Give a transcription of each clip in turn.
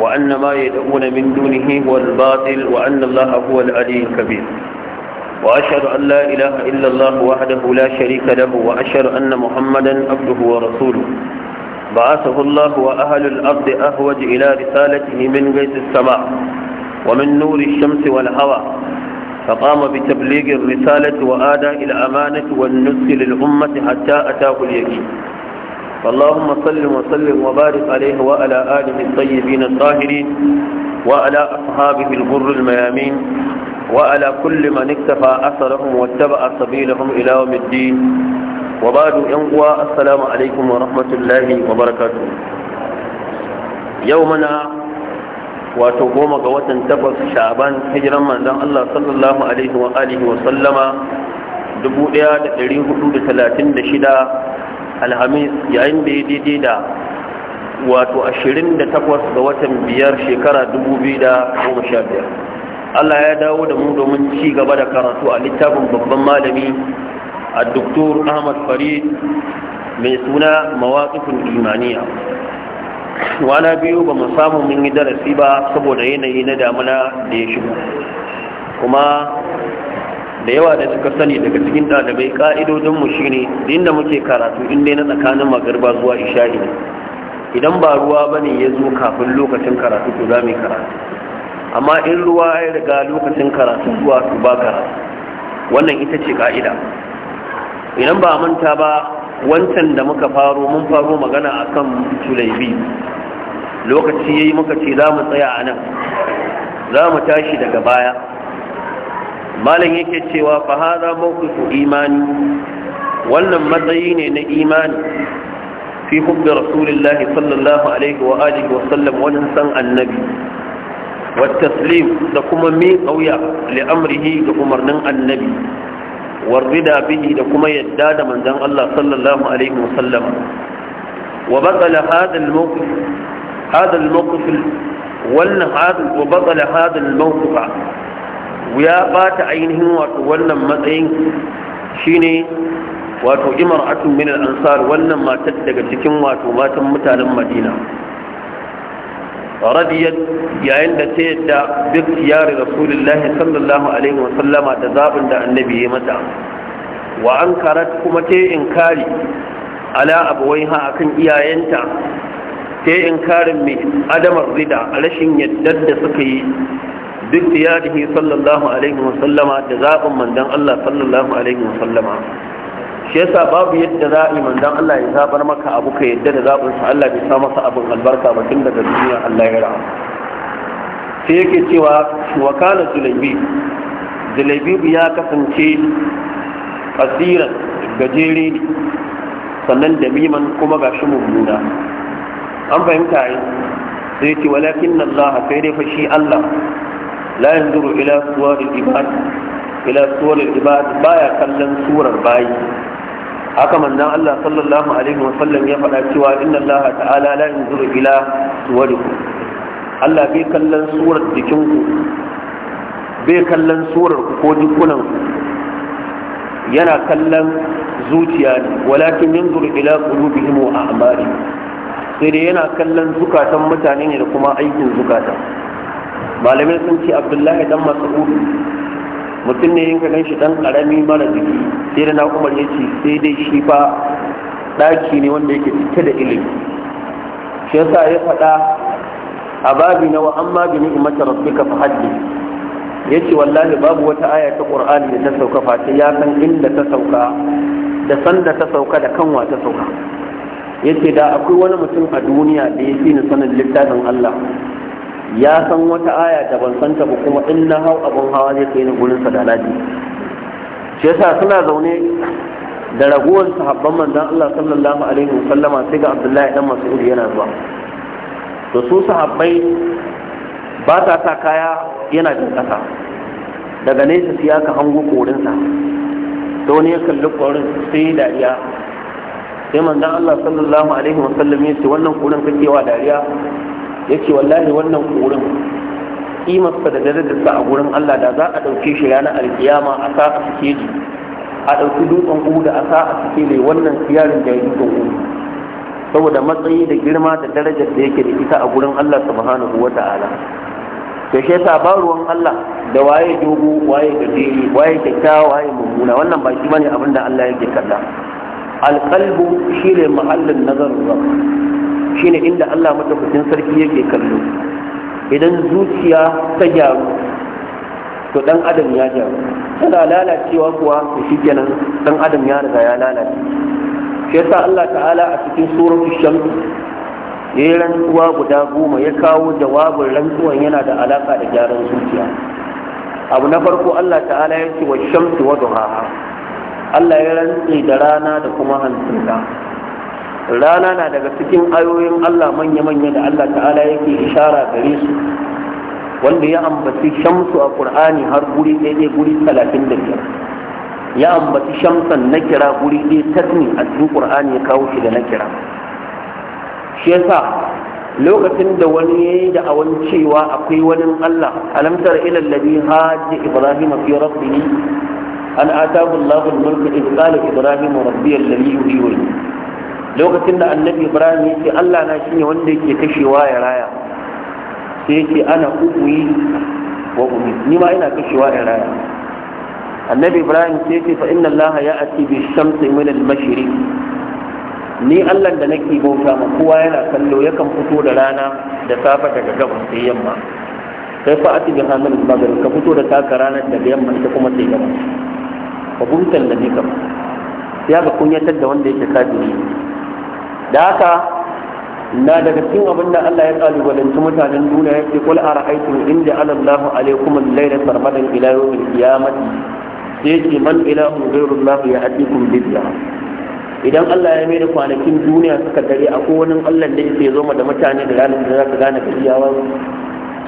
وأن ما يدعون من دونه هو الباطل وأن الله هو العلي الكبير وأشهد أن لا إله إلا الله وحده لا شريك له وأشهد أن محمدا عبده ورسوله بعثه الله وأهل الأرض أهوج إلى رسالته من غيث السماء ومن نور الشمس والهوى فقام بتبليغ الرسالة وآدى إلى أمانة والنسك للأمة حتى أتاه اليقين اللهم صل وسلم وبارك عليه وعلى آله الطيبين الطاهرين وعلى أصحابه الغر الميامين وعلى كل من اكتفى أثرهم واتبع سبيلهم إلى يوم الدين وبعد ينقوى السلام عليكم ورحمة الله وبركاته يومنا وتقوم قوة تبس شعبان هجرا من دان الله صلى الله عليه وآله وسلم دبوئيات 436 alhamis yayin da ya daidai da wato 28 ga watan biyar shekara 2015 Allah ya dawo da mu domin ci gaba da karatu a littafin babban malami a doktor Ahmad Farid mai suna mawakifin imaniya wana biyu ba mu samu mun yi darasi ba saboda yanayi na damuna da ya shigo kuma da yawa da suka sani daga cikin ɗalibai mu shi ne da muke karatu inda na tsakanin magarba zuwa isha'i ne idan ba ruwa ba ne ya zo kafin lokacin karatu to za mu karatu amma in ruwa ya riga lokacin karatu zuwa to ba karatu wannan ita ce ƙa'ida idan ba manta ba wancan da muka faro mun faro magana akan tulaibi lokaci yayi muka ce za mu tsaya a nan za mu tashi daga baya malam yake cewa fa hadha mawqifu imani wannan matsayi ne na imani fi hubbi rasulillahi sallallahu alaihi wa alihi wa sallam wannan san annabi wa taslim da kuma mi kauya li amrihi da umarnin annabi warida bihi da kuma yadda da manzon Allah sallallahu alaihi wa sallam wa batala hadha al-mawqif hadha al-mawqif wannan hadha wa batala hadha al-mawqif ya bata ainihin wato wannan matsayin shine wato imar'atun min al-ansar wannan matar daga cikin wato matan mutanen Madina radiyat yayin da ta yadda bi tiyari rasulullahi sallallahu alaihi wa sallama da zabin da annabi ya mata wa ankarat kuma ta inkari ala abawaiha akan iyayenta ta inkarin mai adamar rida rashin yadda da suka yi duk tiyarihi sallallahu alaihi wasallama da zaɓin mandan Allah sallallahu alaihi wasallama shi yasa babu yadda za a yi mandan Allah ya zabar maka abu ka yadda da zaɓin sa Allah bai sa masa abin albarka ba tun daga duniya Allah ya rahama sai yake cewa wa Zulaibi, Zulaibi ya kasance kasiran gajere ne sannan da miman kuma ga shi mummuna an fahimta yi sai ce walakin Allah sai dai fashi Allah la yanzuru ila suwaril ibad ila suwaril ibad baya kallon surar bayi haka manzon Allah sallallahu alaihi wa sallam ya faɗa cewa inna Allah ta'ala la yanzuru ila Allah bai kallon surar jikinku bai kallon surar ko yana kallon zuciya ne walakin yanzuru ila qulubihim a a'malihim sai dai yana kallon zukatan mutane ne da kuma aikin zukatan malamai sun ce abdullahi dan mas'ud mutum ne yin ka ganshi dan karami mara jiki sai da na umar ya ce sai dai shi fa daki ne wanda yake cike da ilimi shi yasa ya faɗa a babi na wa amma bi ni'mati rabbika fa haddi yace wallahi babu wata aya ta qur'ani da ta sauka fa sai ya san inda ta sauka da sanda ta sauka da kanwa ta sauka yace da akwai wani mutum a duniya da ya fi ni sanin littafin Allah ya san wata aya da ban santa ba kuma in na hau abun hawa zai kai ni gurin sa da alaji shi yasa suna zaune da raguwar sahabban manzon Allah sallallahu alaihi wa wasallama sai ga Abdullahi dan Mas'ud yana zuwa to su sahabbai ba sa sa kaya yana jin kasa daga nesa sai aka hango sa. to wani ya kalli korin sai dariya sai manzon Allah sallallahu alaihi wa sallam ya ce wannan korin kake wa dariya yake wallahi wannan kurin kimarsa da darajarsa a gurin Allah da za a ɗauke shi ranar alkiyama a sa a suke ji a ɗauki dutsen uhu da a sa a suke mai wannan siyarin da ya dutsen uhu saboda matsayi da girma da darajar da yake da ita a gurin Allah subhanahu wa ta'ala to shi yasa ba ruwan Allah da waye dogo waye gajeri waye kyakkyawa waye mummuna wannan ba shi bane abin da Allah yake kalla alqalbu shine mahallin nazarin shine inda Allah madaukakin sarki yake kallo idan zuciya ta gyaru to dan adam ya gyaru tana lalacewa kuwa to shikenan dan adam ya riga ya lalace shi yasa Allah ta'ala a cikin suratul shams yayin rantsuwa guda goma ya kawo jawabin rantsuwan yana da alaka da gyaran zuciya abu na farko Allah ta'ala ya ce wa shamsu wa duhaha Allah ya rantsi da rana da kuma hantsinta rana na daga cikin ayoyin Allah manya-manya da Allah ta'ala yake ishara gare su wanda ya ambaci shamsu a ƙur'ani har guri ɗaya guri talatin da biyar ya ambaci shamsan na kira guri ɗaya tasmi a cikin ya kawo shi da na kira shi yasa lokacin da wani ya yi da'awan cewa akwai wani Allah alamtar ilal ladhi hajji ibrahim fi rabbih an atahu Allahu al-mulk idh qala ibrahim rabbi alladhi yuhyi lokacin da annabi ibrahim ya ce allah na shine wanda yake kashewa ya raya sai ya ce ana ubuyi wa umi ni ma ina kashewa ya raya annabi ibrahim sai ya ce fa inna allah ya ati bi shamsi min al mashriq ni allah da nake bauta ma kowa yana kallo yakan fito da rana da safa daga gabas sai yamma Sai fa ati bi hamil maghrib ka fito da taka ranar daga yamma ita kuma sai gabas ka buntan da ne ka ya ga kunyatar da wanda yake kafiri da haka na daga cikin abin da Allah ya kalubalanci mutanen duniya ya ce kul ara'aytum in ja'ala Allahu alaykum al-layla sarmadan ila yawm al-qiyamah sai ce man ilahun ghayru Allah ya'tikum bidya idan Allah ya mai da kwanakin duniya suka dare akwai wani Allah da yake zo da mutane da ranar da za ka gane gajiyawa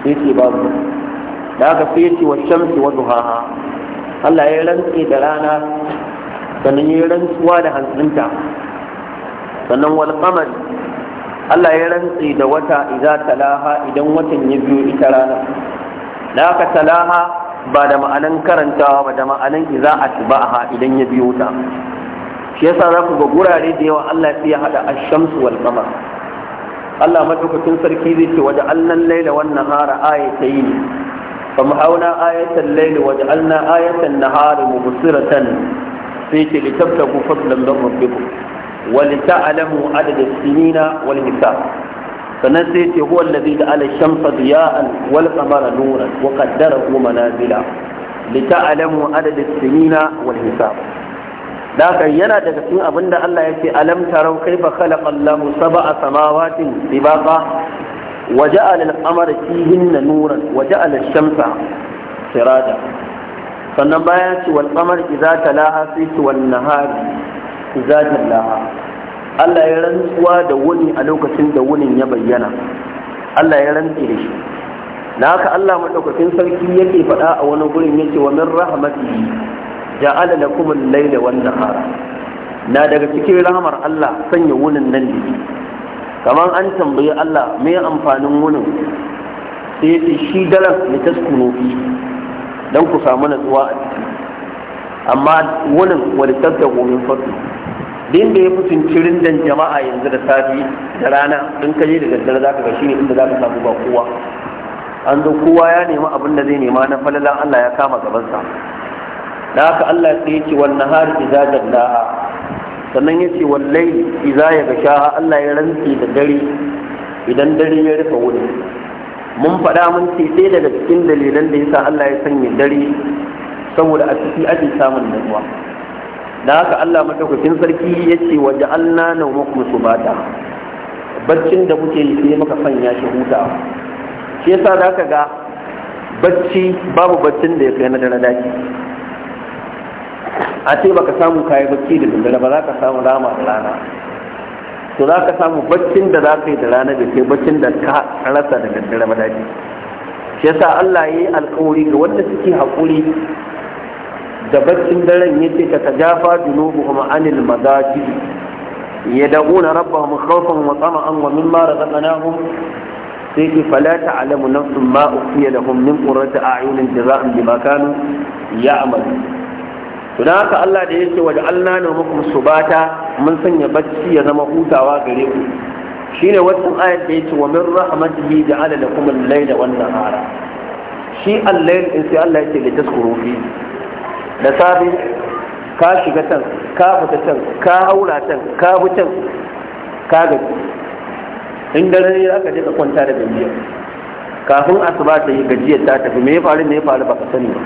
sai ce babu da haka sai ce wa shamsi wa duhaha Allah ya rantsi da rana sannan ya rantsuwa da hantsinta sannan wal qamar Allah ya rantsi da wata idza talaha idan watan ya biyo ita rana da aka talaha ba da ma'anan karantawa ba da ma'anan a atba'aha idan ya biyo ta shi yasa za ku ga gurare da yawa Allah ya hada ash-shamsu wal qamar Allah madaukakin sarki zai ce waje allan laila wan nahara ayatayn fa muhauna ayatan Laila waje alna ayatan nahari mubsiratan sai ce litabtaku fadlan min rabbikum ولتعلموا عدد السنين والحساب sannan sai ce huwa da ja'ala shamsa diya'an wal qamara nuran wa qaddarahu manazila daka yana daga cikin abinda Allah yake alam tarau kala khalaqa Allahu sab'a samawatin tibaqa wa ja'ala al-qamara fihinna nuran wa ja'ala ash-shamsa sirada sannan bayan ci wal qamar idza talaha fi wal nahari zatin laha Allah ya rantsuwa da wuni a lokacin da wunin ya bayyana Allah ya rantsi da shi na haka Allah madaukakin sarki yake faɗa a wani gurin yake wa min rahmatihi ja'ala lakum al-layla wan nahara na daga cikin rahmar Allah sanya wunin nan da kamar an tambayi Allah me amfanin wunin sai yace shi dalar ne taskunu fi dan ku samu natsuwa a ciki amma wunin walittattaku min fadli din da ya fi tunkirin dan jama'a yanzu da safi da rana in ka je da daddare za ka ga shine inda za ka samu ba kowa an zo kowa ya nemi abin da zai nema na falalan Allah ya kama gabansa da haka Allah sai ya ce wan nahar iza jallaha sannan ya ce wallai iza ya gashaha Allah ya rantsi da dare idan dare ya rufe wuri mun faɗa mun ce sai daga cikin dalilan da yasa Allah ya sanya dare saboda a ciki ake samun nutsuwa da haka Allah madaukakin sarki ya ce wa ja'alna nawmakum subata baccin da kuke yi sai muka sanya shi huta shi yasa da haka ga bacci babu baccin da ya kai na dare daki a ce baka samu kayi bacci da daddare ba za ka samu rama da rana to za ka samu baccin da za ka yi da rana da kai baccin da ka rasa da daddare ba daki shi yasa Allah ya yi alkawari ga wanda suke haƙuri da baccin daren ya yace ta tajafa junubuhum anil madajid yad'una rabbahum khawfan wa tama'an wa mimma razaqnahum sai ki fala ta'lamu nafsun ma da lahum min qurrati a'yunin jazaa'an bima Ya ya'malu to dan haka Allah da yake wa ja'alna su bata mun sanya bacci ya zama hutawa gare ku shine wannan ayat da yake wa min rahmatihi ja'ala lakum al-layla wan nahara shi al-layl in sai Allah yake da taskuru fi da safe ka shiga can ka fita can ka haura can ka bi can ka gaji in dare ya aka jika ka kwanta da gajiya kafin asuba ta yi gajiyar ta tafi me ya faru me ya faru baka sani ba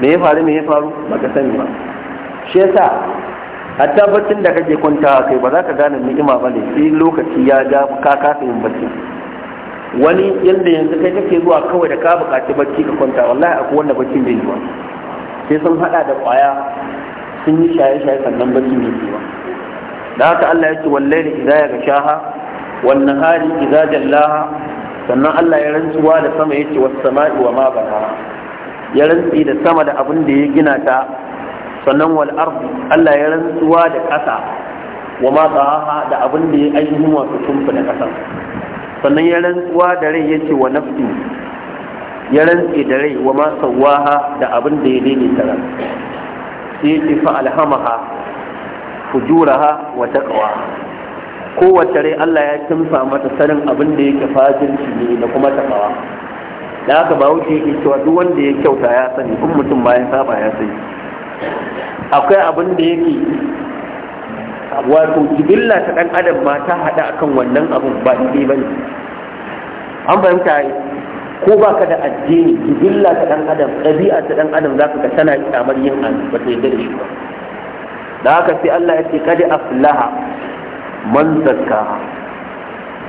me ya faru me ya faru baka sani ba shi yasa a tabbacin da kake kwantawa kai ba za ka gane ni'ima ba ne sai lokaci ya ga ka kasa yin bacci wani yadda yanzu kai kake zuwa kawai da ka buƙaci bacci ka kwanta wallahi akwai wanda baccin bai yi ba sai sun hada da kwaya sun yi shaye-shaye sannan ba su yi ba da haka Allah ya ce wallahi idza ya gashaha wan nahari idza jallaha sannan Allah ya rantsuwa da sama yace was sama'i wa ma banaha ya rantsi da sama da abin da ya gina ta sannan wal ardi Allah ya rantsuwa da ƙasa wa ma tsaha da abin da ya ainihin wato tumfi da ƙasa sannan ya rantsuwa da rai yace wa nafsi ya rantse da rai wa ma waha da abin da ya daidaita ran sai ce fa alhamaha fujuraha wa taqwa kowace rai Allah ya kimsa mata sanin abin da yake fajirci ne da kuma taqwa da aka ba wuce yake cewa duk wanda ya kyauta ya sani kun mutum bayan saba ya sani akwai abin da yake wato jibilla ta dan adam ma ta hada akan wannan abin ba dai bane an fahimta ko ba ka da addini jibilla ta dan adam ɗabi'a ta dan adam za ka ga tana kyamar yin an ba ta yarda da shi ba da haka sai Allah ya ce kada aflaha man zakkaha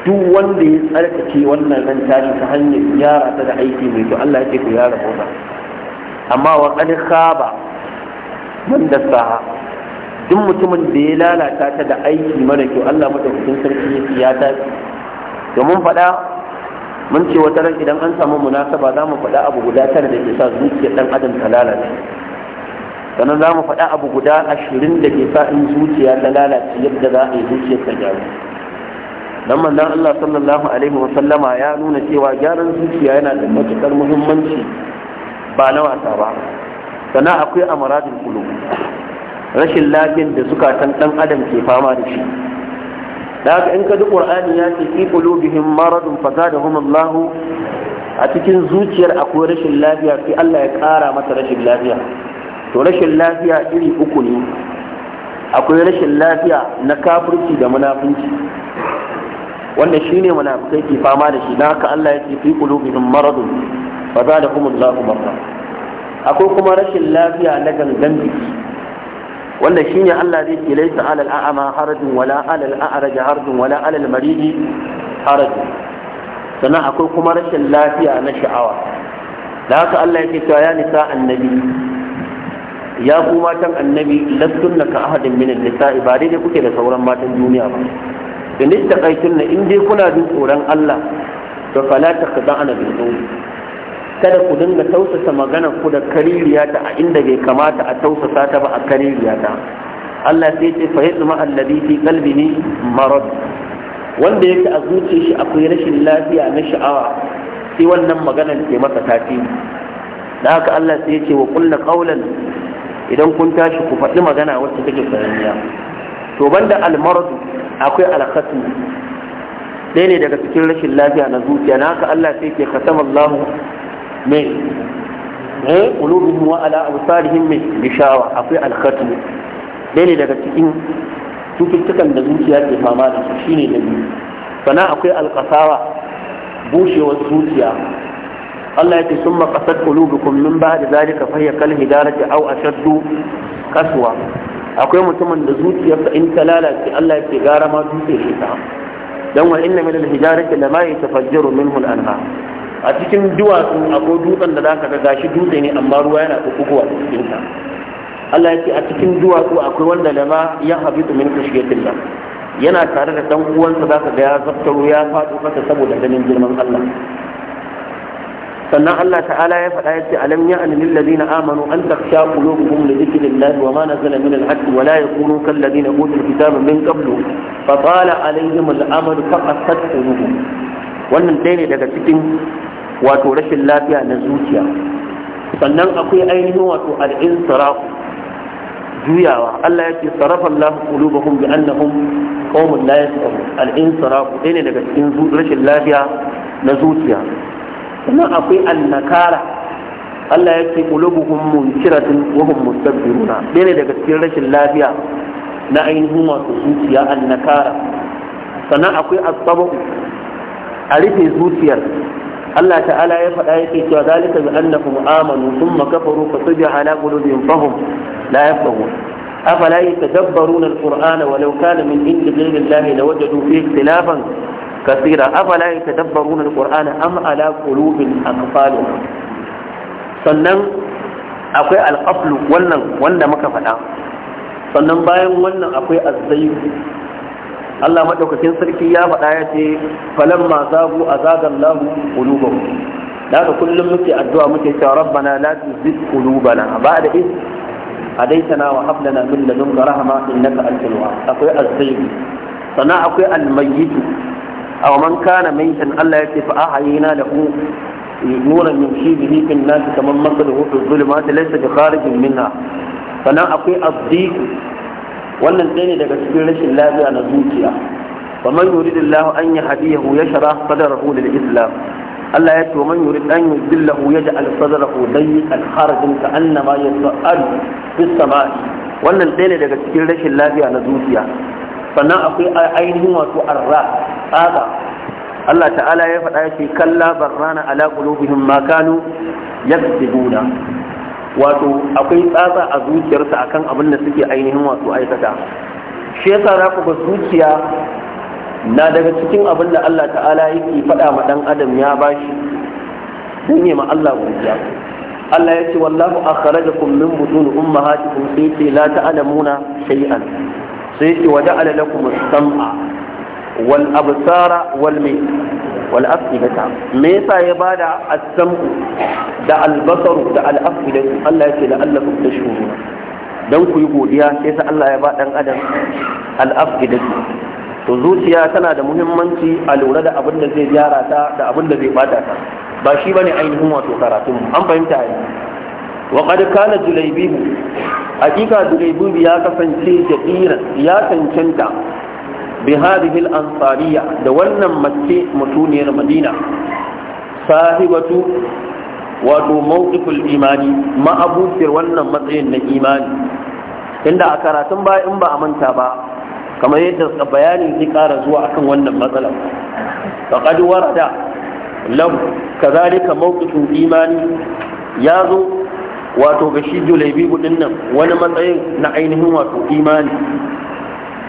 duk wanda ya tsarkake wannan ran tashi ta hanyar gyara ta da aiki mai to Allah ya ce ku ya rahota amma wa qad khaba man dassaha duk mutumin da ya lalata ta da aiki mara kyau Allah madaukakin sarki ya ta domin faɗa mun ce wata ran idan an samu munasaba za mu faɗa abu guda tara da ke sa zuciyar ɗan adam ta lalace sannan za mu faɗa abu guda ashirin da ke sa in zuciya ta lalace yadda za a yi zuciyar ta gyaru dan manzon Allah sallallahu alaihi wa sallama ya nuna cewa gyaran zuciya yana da matuƙar muhimmanci ba na wasa ba sannan akwai amaradin kulu rashin lafiyar da zukatan ɗan adam ke fama da shi da haka in ka duk qur'ani ya ce fi qulubihim maradun fa fazadahum Allah a cikin zuciyar akwai rashin lafiya sai Allah ya ƙara masa rashin lafiya to rashin lafiya iri uku ne akwai rashin lafiya na kafirci da munafunci wanda shine munafikai ke fama da shi dan haka Allah ya ce fi qulubihim maradun fa fazadahum Allah marra akwai kuma rashin lafiya na gangan jiki wanda shine Allah zai ce laisa alal a'ama harajin wala alal a'raj harajin wala alal maridi harajin sannan akwai kuma rashin lafiya na sha'awa da haka Allah yake cewa ya nisa annabi ya ku matan annabi lastunna ka ahadin min nisa'i ba daidai kuke da sauran matan duniya ba in istaqaytunna in dai kuna jin tsoron Allah to fala taqda'na bil qawli kada ku dinga tausasa magana ku da kaririya ta a inda bai kamata a tausasa ta ba a kaririya ta Allah sai ce fa yadda alladhi fi qalbihi marad wanda yake a zuce shi akwai rashin lafiya na sha'awa sai wannan maganar ke masa tafi da haka Allah sai ce wa idan kun tashi ku faɗi magana wacce take sananniya to banda almarad akwai alkhasm ɗaya ne daga cikin rashin lafiya na zuciya na haka Allah sai ke kasam Allahu me eh qulubihim wa ala awsarihim min bishawa akwai al-khatm dai ne daga cikin cututtukan da zuciya ke fama da su shine da biyu sannan akwai alƙasawa bushewar zuciya Allah ya ce sun maƙasar ƙulubukum min ba da zalika fahiyar kal hidarati au ashaddu kasuwa akwai mutumin da zuciyarsa in ta lalace Allah ya ce gara ma dutse shi ta dan wa inna min al hidarati lama yatafajjaru minhu al anhar a cikin duwatsu akwai dutsen da zaka ga gashi dutse ne amma ruwa yana kukuwa cikin sa Allah ya ce a cikin duwatsu akwai wanda lama ya habitu min kashiyatillah yana tare da dan uwansa zaka ga ya zaftaro ya faɗo kasa saboda ganin girman Allah sannan Allah ta'ala ya faɗa ya ce alam ya ani lil ladina amanu an taksha qulubuhum li dhikrillah wa ma nazala min al haqq wa la yakunu kal ladina utul kitaba min qablu fa tala alaihim al amal fa qasat qulubuhum wannan ɗaya ne daga cikin wato rashin lafiya na zuciya sannan akwai ainihin wato al'in sarafu juyawa Allah ya ce sarafa Allah qulubuhum bi annahum qaumun la yasma'un al'in sarafu ɗaya ne daga cikin rashin lafiya na zuciya sannan akwai annakara Allah ya ce ba qulubuhum munkiratun wa hum runa. ɗaya ne daga cikin rashin lafiya na ainihin wato zuciya annakara sannan akwai asabu a rufe zuciyar Allah ta'ala ya faɗa yake cewa zalika bi annahum amanu thumma kafaru fa tubiha ala qulubihim fahum la yafqahun afala yatadabbaruna alqur'ana walau kana min indi ghayri allahi lawajadu fihi ikhtilafan kathira afala yatadabbaruna alqur'ana am ala qulubin aqfalu sannan akwai alqaflu wannan wanda muka faɗa sannan bayan wannan akwai azzayyu Allah madaukakin sarki ya faɗa ya ce falamma zagu azagan lahu qulubuhum daga kullum muke addu'a muke cewa rabbana la tuzigh qulubana da id hadaitana wa hab lana min ladunka rahma innaka antal wahhab akwai az-zayd sana akwai al-mayyit aw man kana maytan Allah ya ce fa ahayina lahu nuran shi bihi fil nas kaman masaluhu fi dhulumati laysa bi kharijin minha sannan akwai az wannan ɗaya ne daga cikin rashin lafiya na zuciya ومن يريد الله أن يهديه يشرح صدره للإسلام ألا يأتي ومن يريد أن يذله يجعل صدره ضيقا خرجا كأنما يصعد في السماء wannan ɗaya ne daga cikin rashin lafiya na zuciya sannan akwai ainihin wato arra tsaka Allah ta'ala ya faɗa ya ce kalla barrana ala qulubihim ma kanu yaktubuna wato akwai tsatsa a zuciyarsa akan abin da suke ainihin wato aikata shi yasa za ku ga zuciya na daga cikin abin da Allah ta'ala yake faɗa ma ɗan adam ya bashi don ma Allah godiya Allah ya ce wallahu akhrajakum min butun ummahatikum sai ce la ta'lamuna shay'an sai ce waja'ala lakum as-sam'a wal absara wal mai wal afidata me yasa ya bada asam da albasaru da al afidatu Allah ya ce da Allah ku tashkuru Don ku yi godiya sai sa Allah ya ba ɗan adam al afidatu to zuciya tana da muhimmanci a lura da abin da zai gyara ta da abin da zai bada ta ba shi bane ainihin wato karatun an fahimta yi wa qad kana julaybibu hakika julaybibu ya kasance jadira ya cancanta bi hadhihi al-ansariya da wannan mace mutuniyar madina sahibatu wato mawqiful imani ma'abukir wannan matsayin na imani inda a karatun ba in ba a manta ba kamar yadda bayanin zai kara zuwa akan wannan matsalar faqad warada lahu kadhalika mawqiful imani yazo wato ga shi julaibi din nan wani matsayin na ainihin wato imani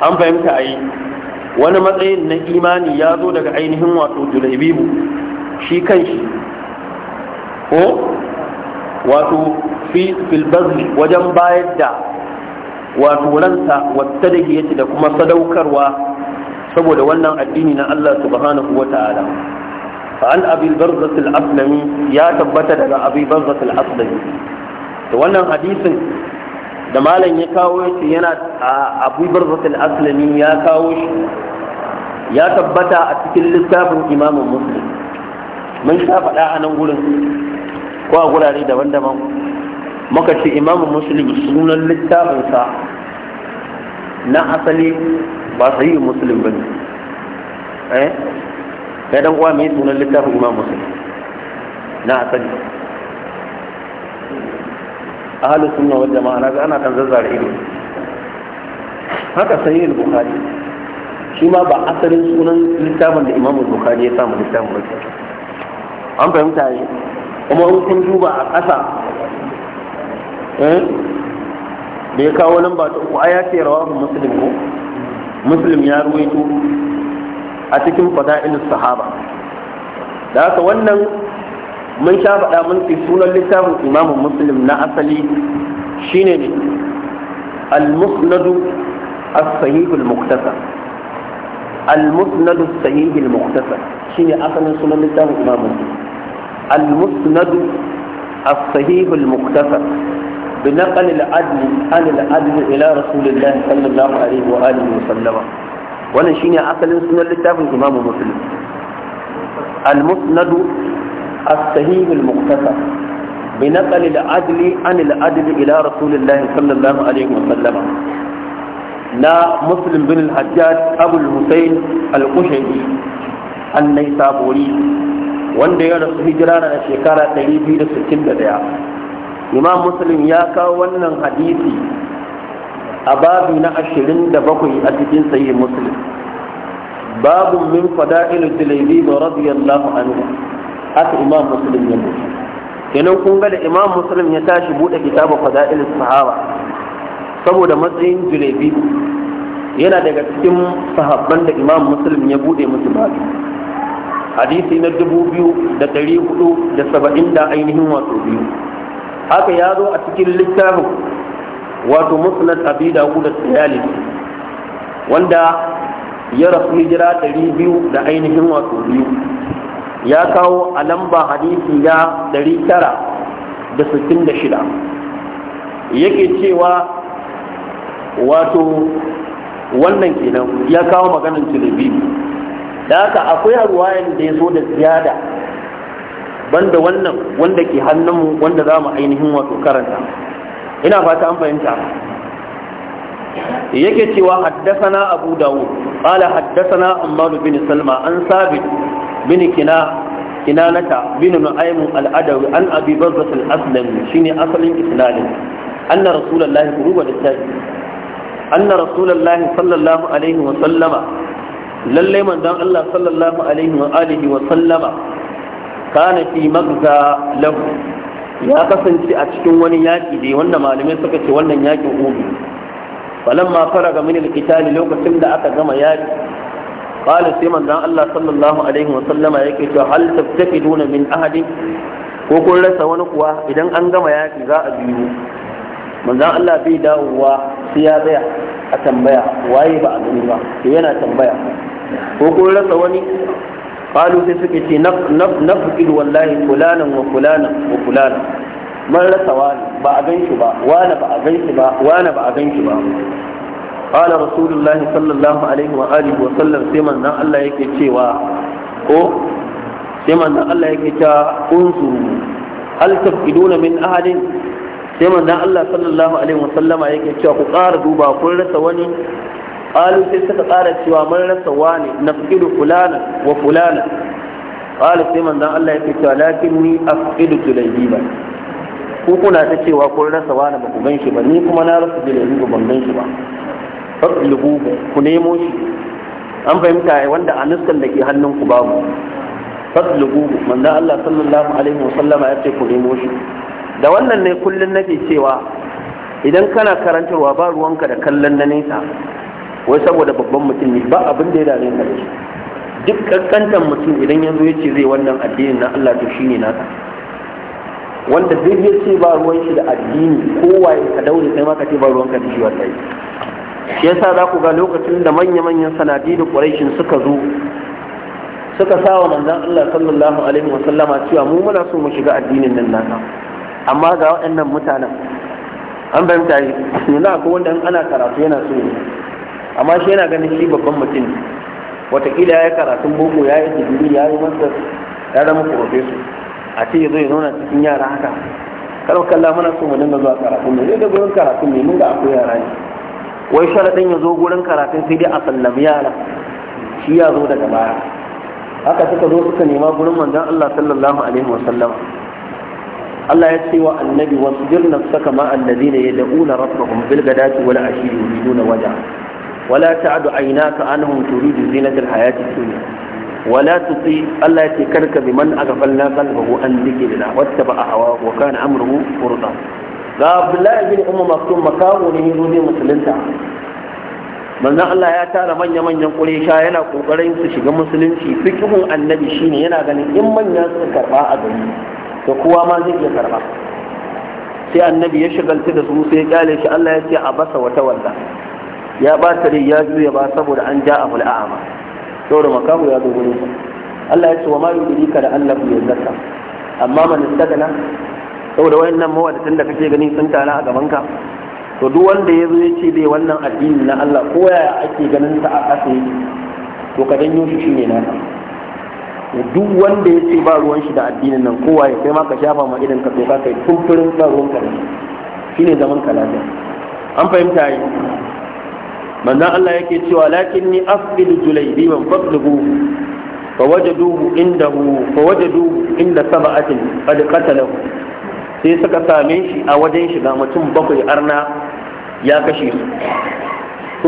an fahimta a yi wani matsayin na imani ya zo daga ainihin wato julabibu shi kan shi ko wato filbazli wajen bayar da wato ransa wata da yace da kuma sadaukarwa saboda wannan addini na Allah subhanahu wa ta'ala fa'an abin barzatul aslami ya tabbata daga abin barzatul aslami da wannan hadisin da malam ya kawo shi yana a abu barzatul aslami ya kawo shi ya tabbata a cikin littafin imamin muslim mun sha faɗa a nan gurin ko a gurare daban-daban muka ce imamin muslim sunan littafinsa na asali ba yi muslim ba ne eh kai dan uwa mai sunan littafin imamin muslim na asali ahalus sunna wal jama'a naga ana kan zazzara ido haka sahih al-bukhari shi ma ba asalin sunan littafin da imamu bukhari ya samu littafin ba an fahimta ne kuma in kun duba a ƙasa eh, da ya kawo ba ta uku aya ce rawahu muslim ko muslim ya ruwaito a cikin fada'il sahaba da haka wannan mun sha faɗa mun fi sunan littafin imamun muslim na asali shine ne al-musnadu as-sahihul muktasar al-musnadu as-sahihul muktasar shine asalin sunan littafin imamun al-musnadu as-sahihul muktasar بنقل العدل عن العدل إلى رسول الله صلى الله عليه وآله وسلم ولن شيني أصل سنة للتابع إمام مسلم المسند as-sahih al-muqtasar bi naqli al-adl ila rasulillah sallallahu alaihi wa sallam na muslim bin al al wanda ya rasu hijira na shekara 261 imam muslim ya kawo wannan hadisi a babi na 27 a cikin sahih muslim باب من فضائل الجليبيب رضي الله haka imam muslim ya mutu kenan kun ga da imam muslim ya tashi bude kitabu fada'il sahaba saboda matsayin jirebi yana daga cikin sahabban da imam muslim ya bude musu babu hadisi na dubu biyu da ɗari hudu da saba'in da ainihin wato biyu haka ya zo a cikin littafin wato musnad abi da da tsayali wanda ya rasu hijira ɗari biyu da ainihin wato biyu ya kawo a lamba hadisi ya 966 yake cewa wato wannan kenan ya kawo maganin tulubi da haka akwai ruwayan da ya so da ziyada banda wannan wanda ke hannunmu wanda za mu ainihin wato karanta ina fata an fahimta yake cewa haddasana abu dawud qala haddasana ammar bin salma an sabit bin kina kinanata bin nu'aym al-adawi an abi barzah al-aslam shine asalin isnadin anna rasulullahi quruba da anna rasulullahi sallallahu alaihi wa sallama lalle manzon Allah sallallahu alaihi wa alihi wa sallama kana fi magza lahu ya kasance a cikin wani yaki dai wanda malamai suka ce wannan yakin ubi falamma faraga min alqitali lokacin da aka gama yaki qala sai manzon Allah sallallahu alaihi wa sallama yake to hal taftakiduna min ahadin ko kun rasa wani kuwa idan an gama yaki za a biyo Manzan Allah bai dawowa sai ya tsaya a tambaya waye ba a gani ba to yana tambaya ko kun rasa wani قالوا sai suke ce nafqid wallahi fulanan wa fulanan wa fulanan man rasa wani ba a gan shi ba wani ba a gan shi ba wani ba a gan shi ba قال رسول الله صلى الله عليه وآله وسلم سيما أن الله يكي تشيوا أو سيما أن الله يكي تشا انظروا هل تفقدون من أحد سيما أن الله صلى الله عليه وسلم يكي تشا قار دوبا كل ثواني قالوا سيسك قار تشوا من ثواني نفقد فلانا وفلانا قال سيما أن الله يكي تشا لكني أفقد تليبيبا ko kuna ta cewa kun rasa wani ba ku gan shi ba ni kuma na rasa jilani ba ban gan shi ba fadlubu ku nemo shi an fahimta eh, wanda a nuskan da ke hannun ku babu fadlubu manzo Allah sallallahu alaihi wasallama ya ce ku nemo shi da wannan ne kullun nake cewa idan kana karantarwa ba ruwanka da kallon na nesa wai saboda babban mutum ne ba abin da ya dame ka da shi duk kankantan mutum idan yanzu ya ce zai wannan addinin na Allah to shine naka wanda duk ya ce ba ruwan shi da addini kowaye ka daure sai ma ka ce ba ruwan ka shi yi shi yasa za ku ga lokacin da manya-manyan sanadi da ƙwarashin suka zo suka sa wa manzan Allah sallallahu alaihi wa sallama cewa mu muna so mu shiga addinin nan nasa amma ga waɗannan mutanen an fahimta su na ko wanda ana karatu yana so ne amma shi yana ganin shi babban mutum ne watakila ya yi karatun boko ya yi digiri ya yi masar ya zama profesor a ce zai nuna cikin yara haka karwa kalla muna so mu dinga zuwa karatun ne zai da gurin karatun ne mun ga akwai yara ne wai sharaɗin ya zo gurin karatun sai dai a sallami yara shi ya zo daga baya haka suka zo suka nema gurin manzon Allah sallallahu alaihi wa sallama Allah ya ce wa annabi wasu jirna saka ma alladina yad'una rabbahum bil ghadati wal ashi yuriduna waja wala ta'du aynaka anhum turidu zinata al hayati dunya wala tuti Allah kar ka bi man aghfalna qalbahu an dhikrina wattaba hawa wa kana amruhu furda ga Abdullahi bin Umar Maktum makawo ne zo ne musulunta manzon Allah ya tara manya manyan Quraysha yana kokarin su shiga musulunci fikihun annabi shine yana ganin in manya su karba a gari to kowa ma zai iya karba sai annabi ya shigalta da su sai ya kyale shi Allah ya ce a basa wata walla ya ba ta ya juya ba saboda an ja a ba. saboda makamu ya zo gurin Allah ya ce wa ma ka da Allah ya zakka amma man istagana saboda wayannan mawadatan da kake gani sun tana a gaban ka to duk wanda ya ya ce bai wannan addini na Allah ko yaya ake ganin sa a ƙasa to ka danyo shi shine na duk wanda ya ce ba ruwan shi da addinin nan kowa ya kai ma ka shafa ma idan ka to ka kai kumfurin ba ruwan ka shine zaman ka an fahimta yi manzan Allah yake cewa lakin ni afqidu julaybiban faqlubu fawajaduhu indahu fawajaduhu inda sab'atin qad qatalahu sai suka same shi a wajen shiga mutum bakwai arna ya kashe su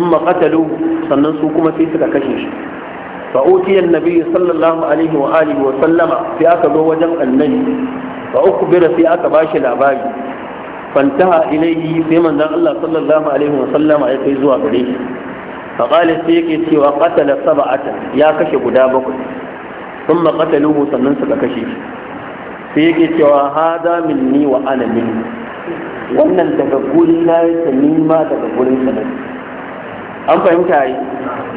sun maƙatalu sannan su kuma sai suka kashe shi fa'utiyar nabi sallallahu alaihi wa alihi wa sallama sai aka zo wajen annabi fa uku bira sai aka ba shi labari fantaha ilaihi sai manzon Allah sallallahu alaihi wa sallama ya kai zuwa gare shi fa qala sai yake cewa qatala sab'ata ya kashe guda bakwai thumma qataluhu sannan suka kashe shi sai yake cewa hada minni wa ana minni wannan daga gurin na yake ni ma daga gurin sa an fahimta yi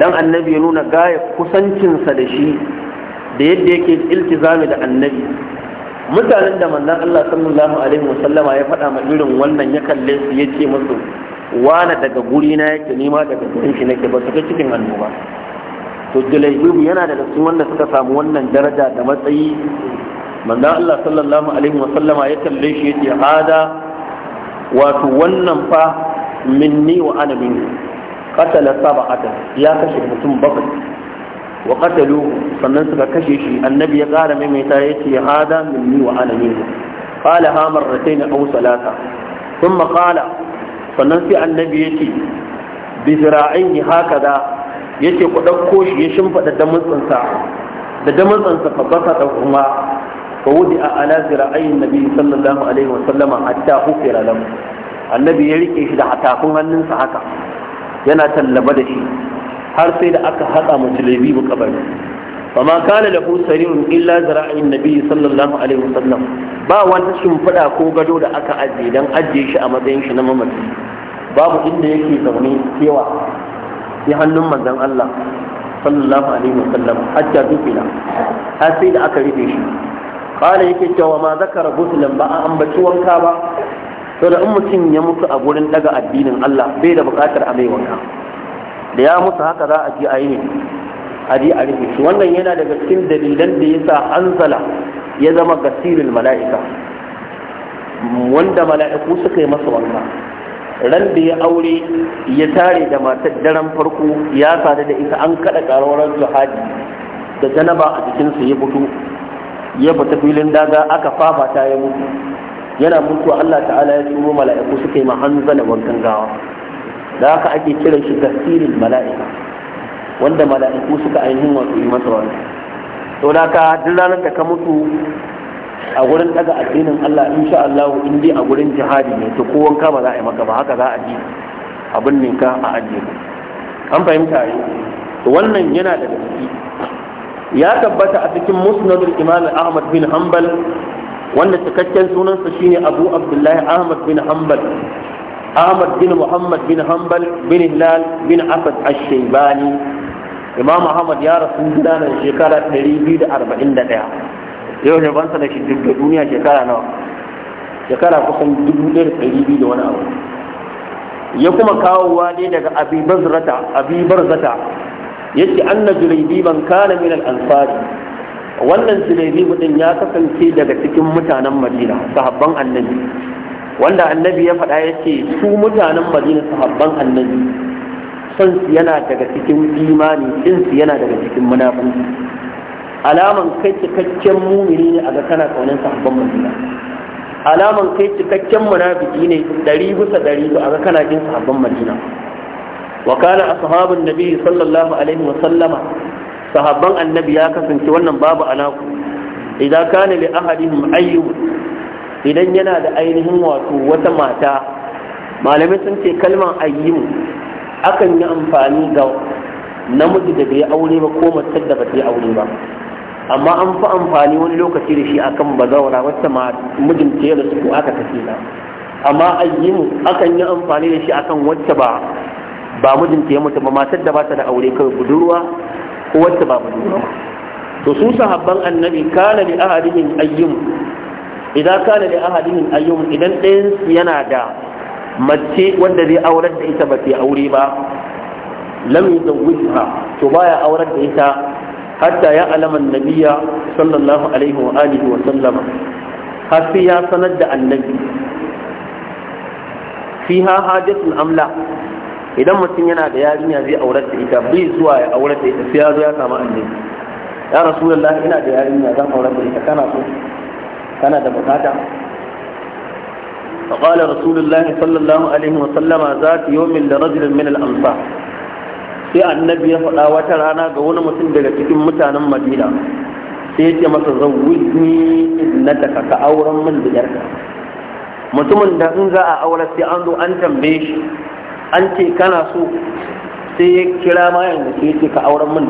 dan annabi ya nuna gaya kusancinsa da shi da yadda yake iltizami da annabi mutanen da manzon Allah sallallahu alaihi wasallama ya faɗa ma irin wannan ya kalle su ya ce musu wani daga guri na yake nima daga gurin shi nake ba su kai cikin annoba to jalaibu yana daga cikin wanda suka samu wannan daraja da matsayi manzon Allah sallallahu alaihi wasallama ya kalle shi ya ce hada wato wannan fa minni wa ana minni qatala sab'atan ya kashe mutum bakwai wa qatalu sannan suka kashe shi annabi ya kara maimaita ya ce yace hada minni wa ana minhu qala ha marratayn aw salata thumma qala sannan sai annabi ya yace bi zira'aihi hakaza yace ku dauko shi ya shimfida damutsansa da damutsansa fa basa da kuma fa wudi a ala zira'ayin nabi sallallahu alaihi wa sallama ta hufira lahu annabi ya rike shi da hatafin hannunsa haka yana tallaba da shi har sai da aka haɗa mace laibi kabari fama kana lahu sarirun illa zara'in nabi sallallahu alaihi wasallam ba wani fada ko gado da aka ajiye dan ajiye shi a matsayin shi na mamaci babu inda yake zaune cewa ya hannun manzon Allah sallallahu alaihi wasallam hatta dukila har sai da aka rufe shi kana yake cewa ma zakara guslan ba an ambaci wanka ba saboda in mutum ya mutu a gurin daga addinin Allah bai da bukatar a mai wanka da ya musu haka za a ji a yi a ji a rufe shi wannan yana daga cikin dalilan da ya sa anzala ya zama gasirin mala'ika wanda mala'iku suka yi masa wanka ran da ya aure ya tare da matar daren farko ya sadu da ita an kada karuwar jihadi da janaba a jikinsa ya fito ya fita filin daga aka fafa ta ya mutu yana mutuwa Allah ta'ala ya turo mala'iku suka yi ma hanzala wankan gawa da haka ake kiran shi tasirin mala'ika wanda mala'iku suka ainihin wato yi masa wani to da ka duk ranar da ka mutu a gurin daga addinin Allah in sha Allah in dai a gurin jihadi ne to ko wanka ba za a yi maka ba haka za a ji abin ne ka a ajiye an fahimta yi to wannan yana da ciki ya tabbata a cikin musnadul imam Ahmad bin Hanbal wanda cikakken sunansa shine Abu Abdullahi Ahmad bin Hanbal Ahmad bin Muhammad bin Hanbal bin Hilal bin Asad Ash-Shaybani Imam Ahmad ya rasu gida nan shekara 241 yau ne ban sanar shi duk duniya shekara nawa shekara kusan 1200 da wani abu ya kuma kawo ne daga abibar zata ya yake anna juraibi ban kana min al Wannan wannan juraibi din ya kasance daga cikin mutanen madina sahabban annabi wanda annabi ya faɗa ya ce su mutanen madina sahabban annabi son su yana daga cikin imani kin su yana daga cikin munafiki alaman kai cikakken mumini ne a ga kana kaunin sahabban madina alaman kai cikakken munafiki ne ɗari bisa ɗari to a ga kana kin sahabban madina wa kana ashabun nabi sallallahu alaihi wa sallama sahabban annabi ya kasance wannan babu alaku idan kana li ahadihim ayyub idan yana da ainihin wato wata mata malamai sun ce kalmar ayyimu akan yi amfani ga namiji da bai aure ba ko mace da bai aure ba amma an fi amfani wani lokaci da shi akan bazawara wata ma mijin ce da su aka tafi na amma ayyimu akan yi amfani da shi akan wacce ba ba mijin ya mutu ba matar da ba ta da aure kai budurwa ko wacce ba budurwa to su sahabban annabi kana li ahadihim ayyim idan kana da ahadin ayyuhum idan ɗayan yana da mace wanda zai aurar da ita ba ta aure ba lam yuzawwijha to baya aurar da ita hatta ya alama nabiya sallallahu alaihi wa alihi wa sallama har sai ya sanar da annabi fi ha hajatul amla idan mutum yana da yarinya zai aurar da ita bai zuwa ya aurar da ita sai ya zo ya samu annabi ya rasulullahi ina da yarinya zan aurar da ita kana so kana da bukata فقال رسول الله صلى الله عليه وسلم ذات يوم لرجل من الأنصار sai annabi ya faɗa wata rana ga wani mutum daga cikin mutanen madina sai ya ce masa zawwidni idnataka ka auren min biyarka mutumin da in za a aure sai an zo an tambaye shi an ce kana so sai ya kira ma yanzu sai ya ce ka auren min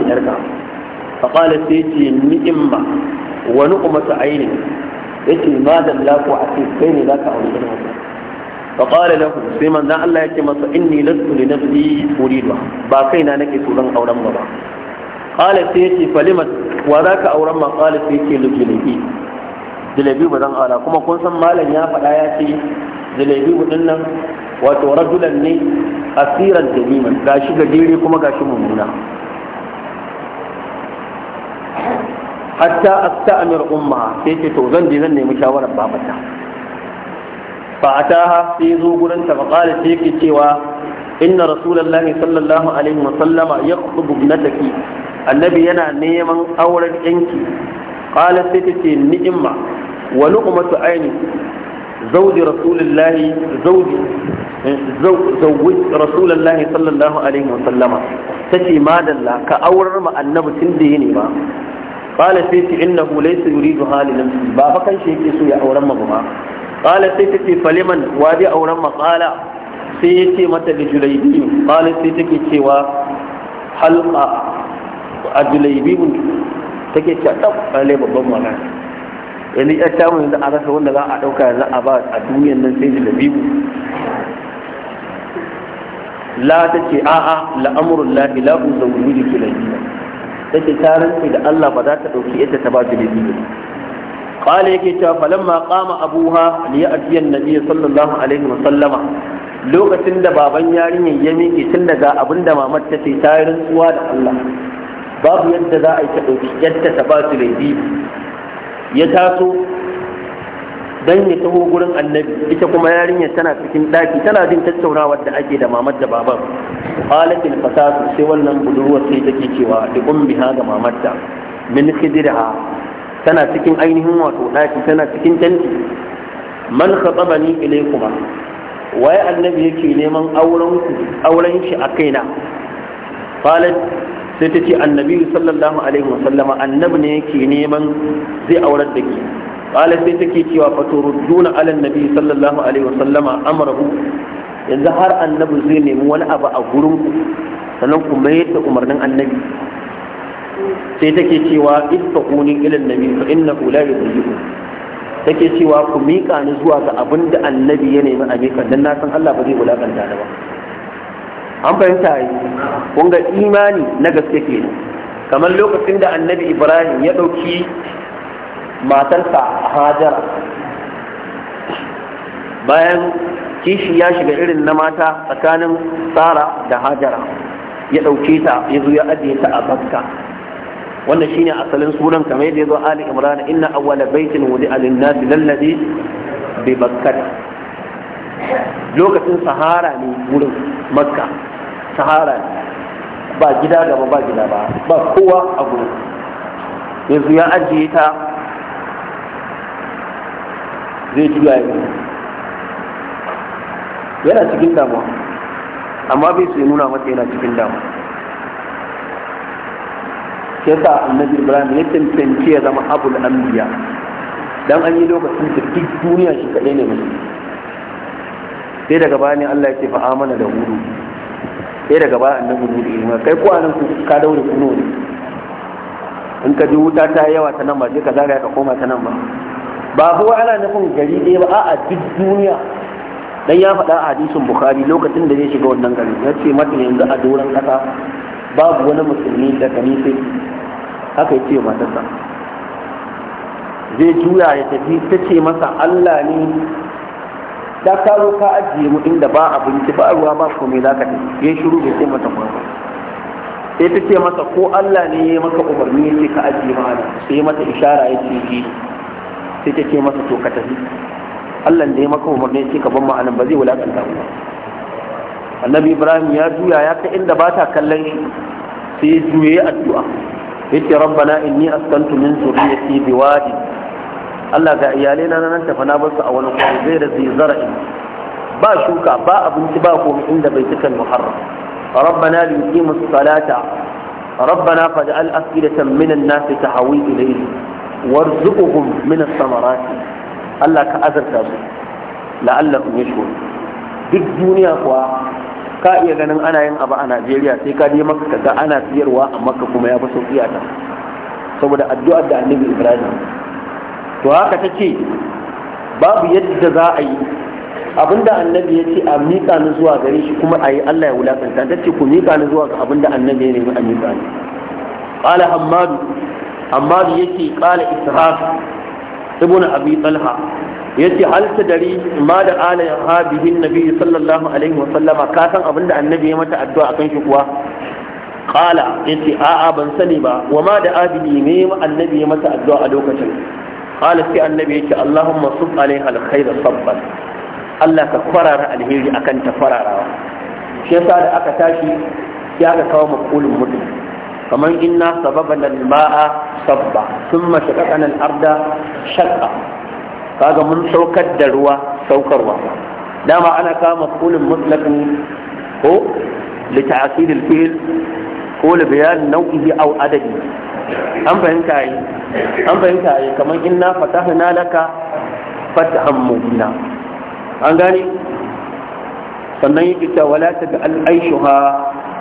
sai ni'imma yace ma da laku a ce kai ne za zaka aure irin wannan fa qala lahu sai manzo Allah ya yake masa inni lastu li nafsi uridu ba kai na nake so zan auren ba ba qala sai yace falimat wa ka auren ma qala sai yace lujuliki jalabi ba zan ala kuma kun san malam ya faɗa ya ce jalabi din nan wato rajulan ne asiran jamiman gashi gajere kuma gashi mummuna hatta asta'mir umma sai ce to zan je zan nemi shawarar babata fa ataha sai zo gurin ta faqala sai yake cewa inna rasulullahi sallallahu alaihi wa sallama yaqtubu ibnataki annabi yana neman auren yanki qala sai ta ce ni'imma wa luqmatu aini زوج رسول الله زوج زوج رسول الله صلى الله عليه وسلم تتي ما دلا كأور ما النبي تنديني qala in na innahu laysa yuridu halin ba fa kan shi yake so ya auren ma ba qala sai ta ce faliman wa bi auren ma qala sai ya ce mata da julaybi qala sai take cewa halqa a julaybi take ce dab kale babban yanzu ya tamu yanzu a rasa wanda za a ɗauka yanzu a ba a duniyan nan sai julabi la ta ce a'a la'amurullahi la'un zaune da yi. take taranci da Allah ba za ta ɗauki yadda ta ba ta da biyu qala yake cewa falamma qama abuha ne ya'ti an-nabi sallallahu alaihi wa sallama lokacin da baban yarinyar ya miƙe tun daga abin da mamar ta ce ta rantsuwa da Allah babu yadda za a yi ta ɗauki yadda ta ba su biyu ya taso dan ya taho gurin annabi ita kuma yarinyar tana cikin daki tana jin tattaunawar da ake da mamar da baban qalatil fasatu sai wannan budurwar sai take cewa li ummiha ga mamarta min khidriha tana cikin ainihin wato daki tana cikin tanti man khatabani ilaykuma waye annabi yake neman auren ku auren shi a kaina qalat sai ta ce annabi sallallahu alaihi wasallama annabi ne yake neman zai aurar da ke qala sai take cewa fa turjuna ala annabi sallallahu alaihi wa wasallama amrahu yanzu har annabi zai nemi wani abu a gurin ku sannan ku mai da umarnin annabi sai take cewa ittaquni ila annabi fa innahu la yudhibu take cewa ku miƙa ni zuwa ga abin da annabi ya nemi a miƙa dan na san Allah ba zai wulakanta da ba an fahimta yi kun ga imani na gaske ke kamar lokacin da annabi Ibrahim ya ɗauki matarsa hajara bayan kishi ya shiga irin na mata tsakanin tsara da hajara ya ɗauke ta ya zo ya ajiye ta a bakka wannan shine asalin sunan kamar yadda ya zo ali imran inna awwala baitin wudi'a lin-nasi lalladhi bi bakkata lokacin sahara ne wurin makka sahara ne ba gida gaba ba gida ba ba kowa a gurin yanzu ya ajiye ta zai juya ya yana cikin damuwa amma bai sai nuna mata yana cikin damuwa ke sa annabi ibrahim ya tantance ya zama abul anbiya dan an yi lokacin da duk duniya shi kadai ne musu sai daga baya ne Allah ya ce fa amana da hudu sai daga baya annabi hudu ne kai ko anan ka daure kuno ne in ka ji wuta ta yawa ta nan ba sai ka zagaya ka koma ta nan ba ba kuwa ana nufin gari ɗaya ba a duk duniya dan ya faɗa a hadisin bukhari lokacin da zai shiga wannan gari ya ce mata yanzu a doron ƙasa babu wani musulmi da gani sai haka ya ce matarsa zai juya ya tafi ta ce masa allah ne ta kawo ka ajiye mu inda ba abinci ba ruwa ba komai za ka tafi ya shiru bai ce mata kwakwa sai ta ce masa ko allah ne ya maka umarni ya ce ka ajiye ma'ana sai mata ishara ya ce eh. sai ta ce masa to ka tafi Allah da ya maka umarni sai ka ban anan ba zai wulakanta ba annabi ibrahim ya juya ya kai inda ba ta kallon shi sai ya juye addu'a yace rabbana inni askantu min zurriyyati biwadi Allah ga iyalai na nan tafa na bar su a wani kwari zai da zai zara'in ba shuka ba abinci ba komai inda bai tukan muharram rabbana li yuqimus salata rabbana faj'al afidatan minan nasi tahawi ilayhi warzuquhum min as-samarati Allah ka azarta su la'allahum yashkurun duk duniya kuwa ka iya ganin ana yin abu a Najeriya sai ka je maka ga ana siyarwa a Makka kuma ya fi sauki a ta saboda addu'ar da Annabi Ibrahim to haka take babu yadda za a yi abinda annabi ya ce a miƙa ni zuwa gare shi kuma a yi Allah ya wulaƙanta ta ce ku miƙa ni zuwa ga abinda annabi ya nemi a miƙa ni qala hammadu amma da yake kala ishaq ibn abi talha yace hal tadari ma da ala hadihin nabi sallallahu alaihi wa sallama ka san abinda annabi ya mata addu'a akan shi kuwa qala yace a'a ban sani ba wa ma da abidi ne annabi ya mata addu'a a lokacin qala sai annabi yace allahumma sub alaiha alkhair sabban Allah ka farara alheri akan ta fararawa. shi yasa da aka tashi ya aka kawo makulun mutum kamar inna sababan al-ma'a sabba thumma mace al-arda shaqqa kaga mun saukar da ruwa saukarwa dama ana kama kulun mutlaqin ko لتعسير fil, ko da nau'i nau'ihi au adadi an fahimta yi an fahimta yi kamar inna fatahna laka fatahan mubina an gane sannan yake cewa wala ta ga al'aishuha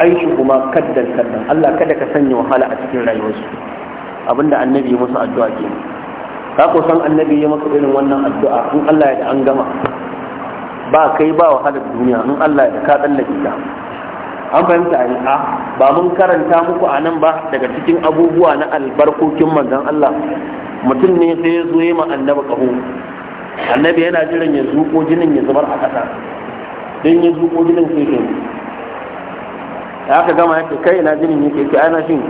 aishu kuma kaddan kaddan Allah kada ka sanya wahala a cikin rayuwarsu abinda annabi ya musu addu'a ke ka ko san annabi ya maka irin wannan addu'a in Allah ya da an gama ba kai ba wahalar duniya in Allah ya da ka tsallake ta an fahimta a ba mun karanta muku a nan ba daga cikin abubuwa na albarkokin manzon Allah mutum ne sai ya zo ma annabi kaho annabi yana jiran ya zuko jinin ya zubar a ƙasa don ya zuko jinin sai da aka gama ya ce kai ina jinin yake ce ana shin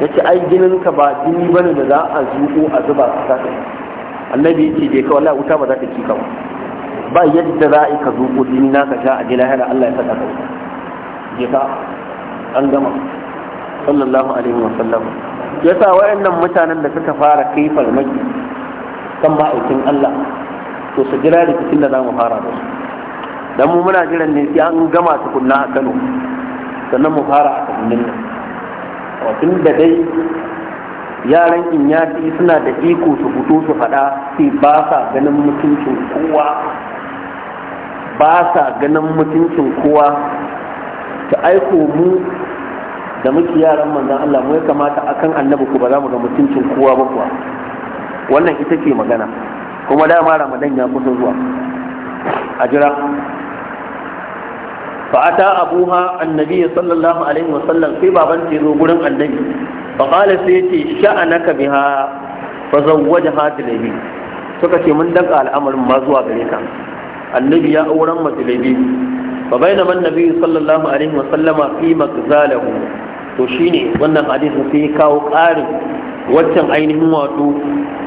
ya ce ai jinin ka ba jini bane da za a zuko a zuba a saka annabi ya ce dai kawai Allah wuta ba za ta ci ka ba yadda za a ka zuko jini na ka sha a jila hana Allah ya saka ka je ka an gama sallallahu alaihi wa sallam yasa wayannan mutanen da suka fara kai farmaki kan ma'aikin Allah to su jira rikicin da za mu fara da su dan mu muna jiran ne sai an gama tukunna a Kano sannan mu fara a kabilan nan wasu da dai yaran inyati suna da iko su fito su faɗa sai ba sa ganin mutuncin kowa ba sa ganin mutuncin kowa ta aiko mu da muke yaran manzan Allah mu ya kamata akan annabi ku ba za mu ga mutuncin kowa ba kuwa wannan ita ce magana kuma dama ramadan ya kusa zuwa a jira فأتى أبوها النبي صلى الله عليه وسلم في بابا تيزوغرن النبي فقال سيتي شأنك بها فزوجها تلبي سكتي من دقى الأمر ما زوى بريكا النبي يا أورا ما تلبي فبينما النبي صلى الله عليه وسلم في مكزاله تشيني وانا حديث فيه كاو قارب waccan ainihin wato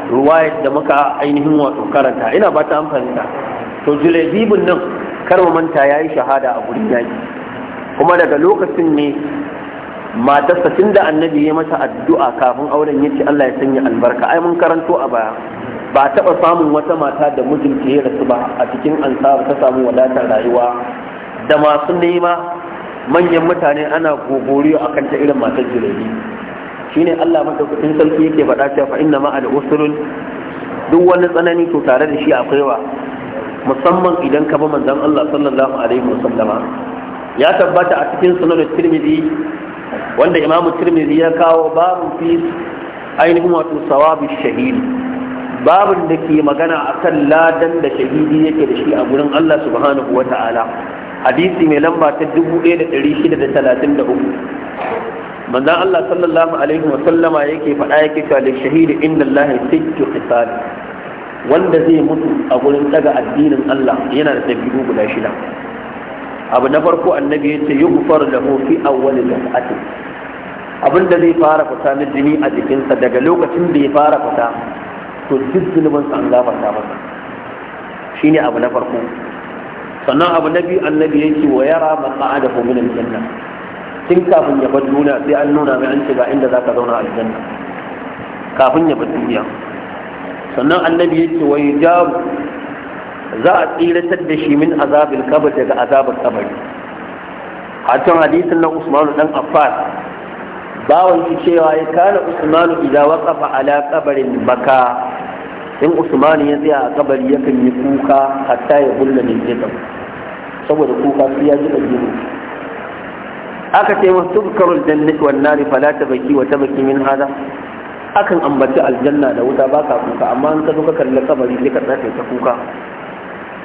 ruwayar da muka ainihin wato karanta ina ba ta amfani to julebibin nan kar manta ya yayi shahada a gurin yaki kuma daga lokacin ne matarsa tun da annabi ya mata addu'a kafin auren ce Allah ya sanya albarka ai mun karanto a baya ba taɓa samun wata mata da mijinta ya rasu ba a cikin ansar ta samu wadatar rayuwa da masu nema manyan mutane ana a akan ta irin matar jirage shine Allah madaukakin sarki yake faɗa cewa fa inna ma al duk wani tsanani to tare da shi akwai wa musamman idan ka bi manzon Allah sallallahu alaihi wasallama ya tabbata a cikin sunan tirmidhi wanda imam tirmidhi ya kawo babu fi ainihin wato sawabi shahidi babin da ke magana akan ladan da shahidi yake da shi a gurin Allah subhanahu Ta'ala, hadisi mai lamba ta 1633 manzan Allah sallallahu alaihi wasallama yake faɗa yake cewa da shahidi inda Allah sittu qisal wanda zai mutu a gurin daga addinin Allah yana da dabi'u guda shida abu na farko annabi yace yughfar lahu fi awwal daf'ati abin da zai fara fita na jini a jikinsa daga lokacin da ya fara fita to duk zunubin an gafarta masa shine abu na farko sannan abu na biyu annabi yace wa yara maqa'adahu min al-janna tun kafin ya bar duniya sai an nuna mai an ce ga inda zaka zauna a aljanna kafin ya bar duniya sannan annabi ya ce wa za a tsiratar da shi min azabin kabar daga azabar kabari hatan hadisin na usmanu dan affan bawan shi cewa ya kana usmanu idan waqafa ala kabarin baka in usmanu ya tsaya a kabari yakan yi kuka hatta ya bulla min jikin saboda kuka su ya ji dabiru aka ce wa tubkaru jannati wan nari fala tabaki baki min hada akan ambaci aljanna da wuta ba ka kuka amma an ka zo ka kalli kabari sai ka tsaka ta kuka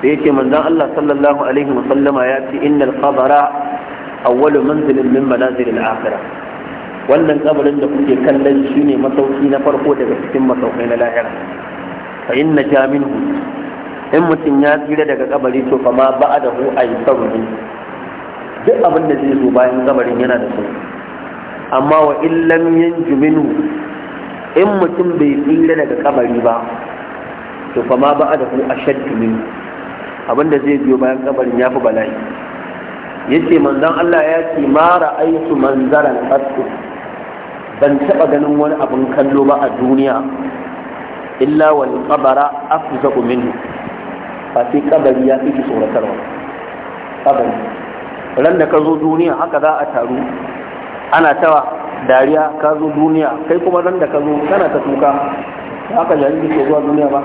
da yake manzon Allah sallallahu alaihi wa sallama ya ce innal qabara awwalu manzilin min manazilil akhirah wannan kabarin da kuke kallon shi ne masauki na farko daga cikin masaukai na lahira fa inna jaminu in mutum ya tsira daga kabari to fa ma ba'a da hu a yi duk abin da zai zo bayan kabarin yana da su. amma wa illam yanju minhu in mutum bai tsira daga kabari ba to fa ma ba a da ku ashaddu min abinda zai biyo bayan kabarin yafi bala'i yace manzon Allah ya ce ma manzara manzaran qattu ban taba ganin wani abin kallo ba a duniya illa wal qabara afzaqu minhu Ba sai kabari ya fi tsoratarwa kabari ran da ka zo duniya haka za a taru ana tawa dariya ka zo duniya kai kuma ran da ka zo kana ta tuka haka jariri ke zuwa duniya ba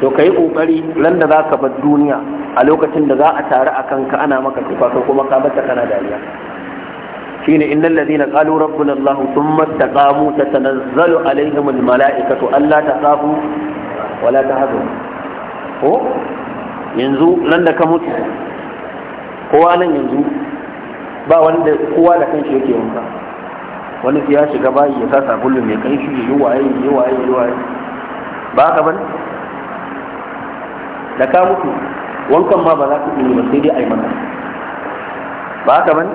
to ka yi ƙoƙari ran da za ka bar duniya a lokacin da za a taru a kanka ana maka tuka kai kuma ka bata kana dariya Shi ne shine innal ladina qalu rabbuna allah thumma taqamu tatanazzalu alaihim to Allah ta taqafu wala ta tahzanu ko yanzu nan da ka mutu kowa nan yanzu ba wanda kowa da kanshi yake wanka wani ya shiga bayi ya sa sabulu mai kanshi ya yi waye yi waye yi waye ba ka bane da ka mutu wankan ma ba za ka yi ba sai dai a yi maka ba ka bane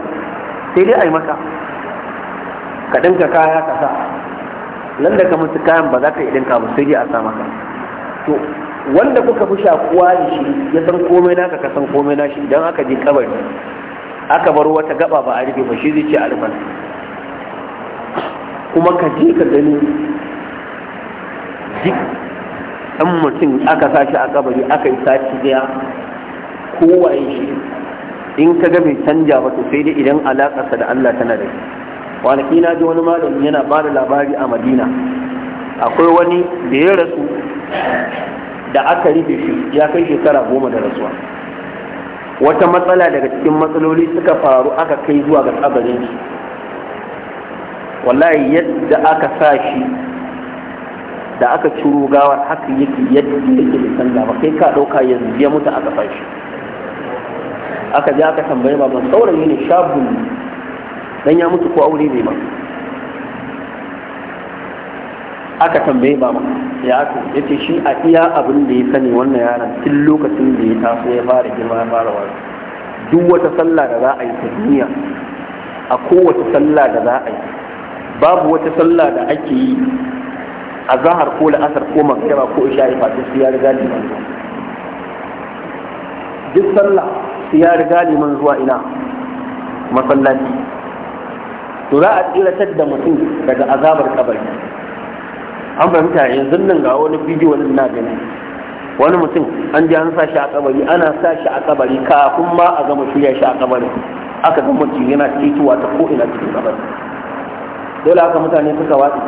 sai dai a yi maka ka dinka kaya ka sa nan ka mutu kayan ba za ka yi dinka ba sai dai a sa maka to wanda kuka fi shakuwa da shi ya san komai naka ka san komai na shi idan aka je kabari aka bar wata gaba ba a rufe ba shi zai ce a kuma ka je ka gani duk ɗan mutum aka sashi a kabari aka yi sati daya kowaye shi in ka ga mai canja ba to sai dai idan alaƙarsa da Allah tana da wani na ji wani malami yana ba da labari a madina akwai wani da ya rasu da aka rufe shi ya kai shekara goma da rasuwa wata matsala daga cikin matsaloli suka faru aka kai zuwa ga tsabarin shi wallahi yadda aka sa shi da aka ciro gawar haka yake yadda yake da canza ba kai ka ɗauka yanzu ya mutu aka sa shi aka ji aka tambaye baban saurayi ne ne dan ya mutu ko aure bai ba aka tambaye baba ya aka yace shi a iya abin da ya sani wannan yaron tun lokacin da ya taso ya fara girma ya fara wasu. duk wata sallah da za a yi ta duniya a kowace sallah da za a yi babu wata sallah da ake yi a zahar ko la'asar ko magriba ko isha'i fatu su ya riga liman zuwa duk sallah su ya riga liman zuwa ina masallaci to za a tsiratar da mutum daga azabar kabari an fahimta yanzu nan ga wani bidiyo na gani wani mutum an ji an sa shi a kabari ana sa shi a kabari kafin ma a gama shirya shi a kabari aka ga mutum yana tituwa ta ko ina cikin kabari dole haka mutane suka watsa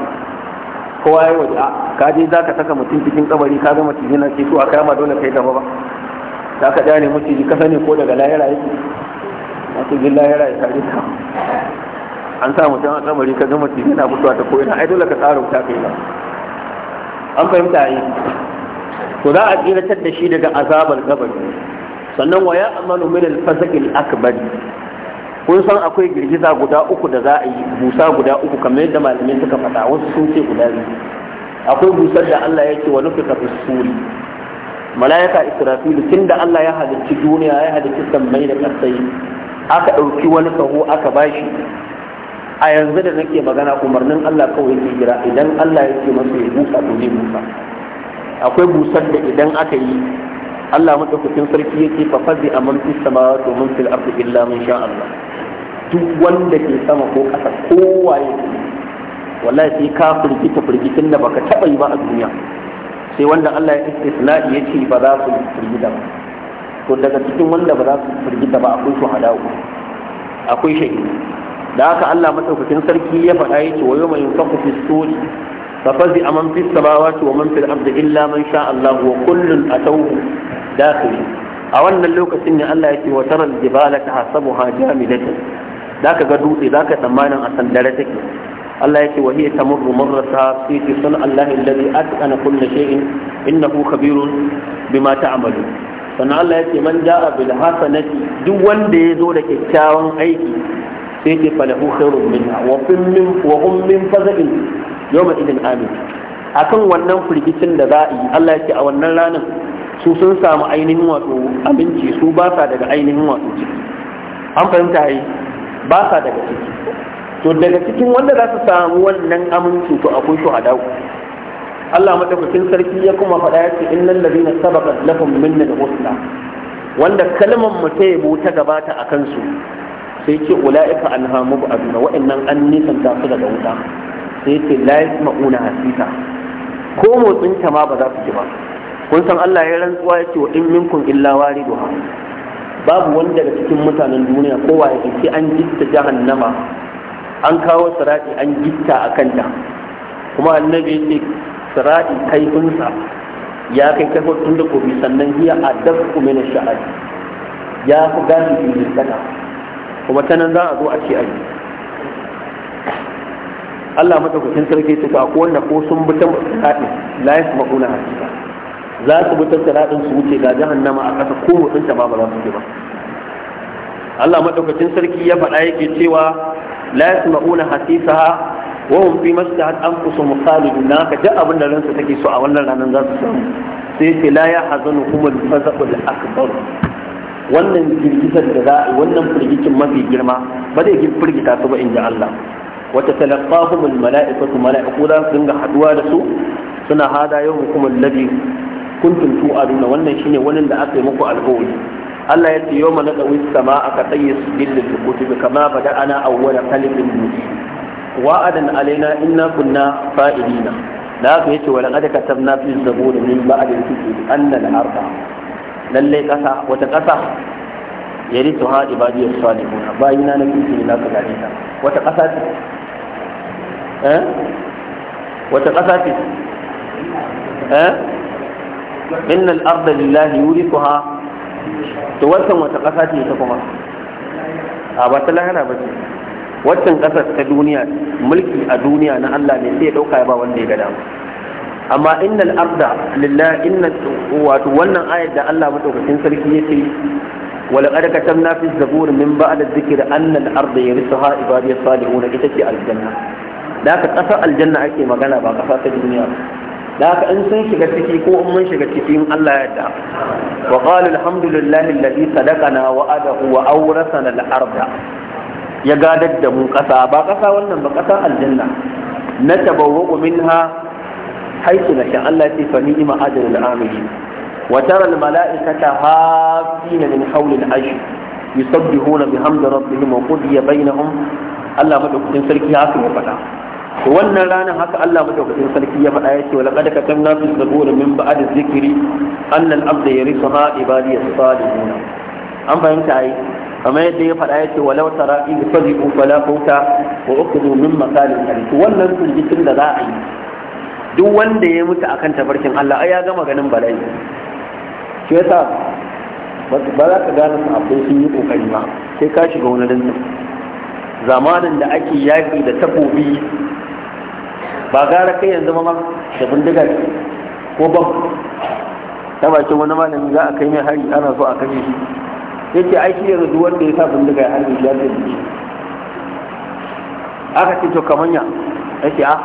kowa ya waje ka je za ka saka mutum cikin kabari ka gama mutum yana tituwa kai ma dole kai gaba ba za ka ne mutum ji kasa ne ko daga layara yake masu jin ya kare ta an sa mutum a kabari ka gama mutum yana mutuwa ta ko ina ai dole ka tsara wuta kai ba an fahimta yi to za a tsiratar da shi daga azabar kabari sannan waya? ya amanu min al akbar kun san akwai girgiza guda uku da za a yi busa guda uku kamar yadda malamai suka faɗa wasu sun ce guda biyu akwai busar da Allah yake wa nufika fi suri malaika israfilu da Allah ya halicci duniya ya halicci sammai da ƙasai aka ɗauki wani kaho aka bashi a yanzu da nake magana umarnin Allah kawai ke jira idan Allah ya ce masa ya busa to zai busa akwai busar da idan aka yi Allah madaukakin sarki yake fa fazi aman fi samawati wa fil ardi illa man sha Allah duk wanda ke sama ko ƙasa kowaye wallahi sai ka firgita firgitin da baka taba yi ba a duniya sai wanda Allah ya istisna'i ya ce ba za su firgita ba to daga cikin wanda ba za su firgita ba akwai shuhada akwai shahidi da haka Allah madaukakin sarki ya faɗa ce wa yawma yunfaqu fi suri fa fazi aman fi samawati wa man fil ardi illa man sha Allah wa kullun atawhu dakhili a wannan lokacin ne Allah ce wa taral jibala tahasabuha jamidatan zaka ga dutse ka tsammanin a sandare take Allah ce wa hiya tamurru marrata fi sun Allah alladhi atqana kull shay'in innahu khabirun bima ta'malu sannan Allah ce man ja'a bil hasanati duk wanda ya zo da kyakkyawan aiki sai ke falahu khairun minha wa min wa hum min faza'in yawma idin amin akan wannan firgicin da za a yi Allah ya ce a wannan ranar su sun samu ainihin wato aminci su ba sa daga ainihin wato ciki an fahimta yi ba sa daga ciki to daga cikin wanda za su samu wannan aminci to akwai hadau Allah madaukakin sarki ya kuma faɗa ya ce innal ladina sabaqat lahum minna husna wanda kalmar mu ta ta gabata akan su sai ce ula'ika anha mubaduna wa'annan an ta su daga wuta sai ce la yasma'una hasita ko motsin ta ma ba za su ji ba kun san Allah ya rantsuwa ya ce wa in minkum illa wariduha babu wanda daga cikin mutanen duniya kowa ya ce an gitta jahannama an kawo sirati an gitta a kanta kuma annabi ya ce sirati kaifinsa ya kai kai tun da kobi sannan hiya a kuma mina sha'ari ya fi gani bilisana kuma ta nan za a zo a ce ayi Allah madaukakin sarki su ko wanda ko sun bi ta siratin la yasma'una hakika za su bi ta siratin su wuce ga jahannama a ƙasa ko mutun ta ba ba za su ba Allah madaukakin sarki ya faɗa yake cewa la yasma'una hasisaha wa hum fi masjid anfusuhum khalidun ka ja abin da ransu take so a wannan ranar za su samu sai ce la ya hazanu kuma al-fazaqul akbar wannan girgizar da za a yi wannan firgicin mafi girma ba zai firgita su ba in ji Allah wata talaqahumul mala'ikatu mala'iku za su dinga haduwa da su suna hada yau hukumul ladhi kuntum tu'aduna wannan shine wannan da aka yi muku alƙawari Allah ya ce yau mana da a sama'a ka tsaye su gillin bi kama bada ana awwala kalibin mutu wa'adan alaina inna kunna faidina da haka yace wa laqad katabna fi zabur min ba'd al-kitab anna al lallai ƙasa wata ƙasa ya rito ha ibadiyar salihuna bayina na kirki ne na su gare ta wata ƙasa ce eh wata ƙasa ce eh inna al-ardha lillahi yurithuha to wannan wata ƙasa ce ta kuma a ba ta lahana ba ce waccan ƙasar ta duniya mulki a duniya na Allah ne sai ya dauka ya ba wanda ya ga dama amma innal abda lillahi inna wato wannan ayar da Allah madaukakin sarki yace wala qad katamna fi zabur min ba'd adh-dhikri anna al-arda yarithuha ibadiy as-salihun ita ce aljanna da haka kasar aljanna ake magana ba kasa ta duniya da haka in sun shiga ciki ko in mun shiga ciki in Allah ya yarda wa qala alhamdulillahi alladhi sadaqana wa'adahu wa awrasana al-arda ya gadar da mu kasa ba kasa wannan ba kasa aljanna na natabawwa'u minha haiku na shan Allah ce fa ni'ima ajrul amili wa tara al mala'ikata hafina min hawli al arsh yusabbihuna bihamdi rabbihim wa qudiya Allah sarki ya faɗa to wannan ranar haka Allah madaukakin sarki ya faɗa yace wala qad katamna fi zaburi min ba'd dhikri anna al abda yarithuha ibadiy salihun an fahimta ai kamar yadda ya faɗa ya ce tara in fazi'u fala fauta wa ukhudhu min makalin ali to wannan firgitin da za a yi duk wanda ya mutu akan tafarkin Allah ai ya gama ganin bala'i shi yasa ba za ka gane abin sun yi kokari ba sai ka shiga wani dinsa zamanin da ake yaƙi da takobi ba gara kai yanzu ma da bindiga ko ba. ta bakin wani malami za a kai mai hari ana so a kashe shi yake aiki ya zuwa wanda ya sa bindiga ya harbe ya ce aka ce to kamanya yake a ah,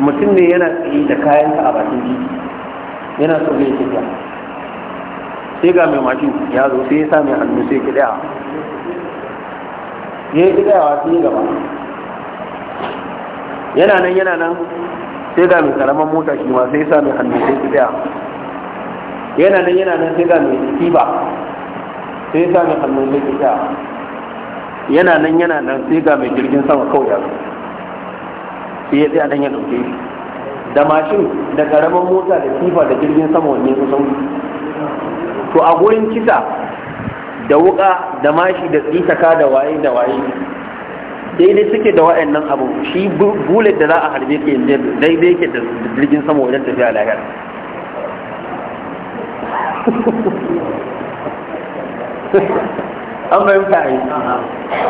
mutum ne yana tsaye da kayansa a bakin titi yana so zai tafiya sai ga mai mashin ya zo sai ya sa mai hannu sai kidaya ya yi kidayawa sun yi gaba yana nan yana nan sai ga mai karaman mota shi ma sai ya sa mai hannu sai kidaya yana nan yana nan sai ga mai ba sai ya sa mai hannu sai kidaya yana nan yana nan sai ga mai jirgin sama kawai ya zo ya tsaya dan ya ɗauke shi da mashin da karamin mota da tifa da jirgin sama wanne kusan to a gurin kisa da wuka da mashi da tsitaka da waye da waye daidai suke da wa'annan abu shi bullet da za a harbe ke daidai yake da jirgin sama wajen tafiya lahiyar an bayan a yi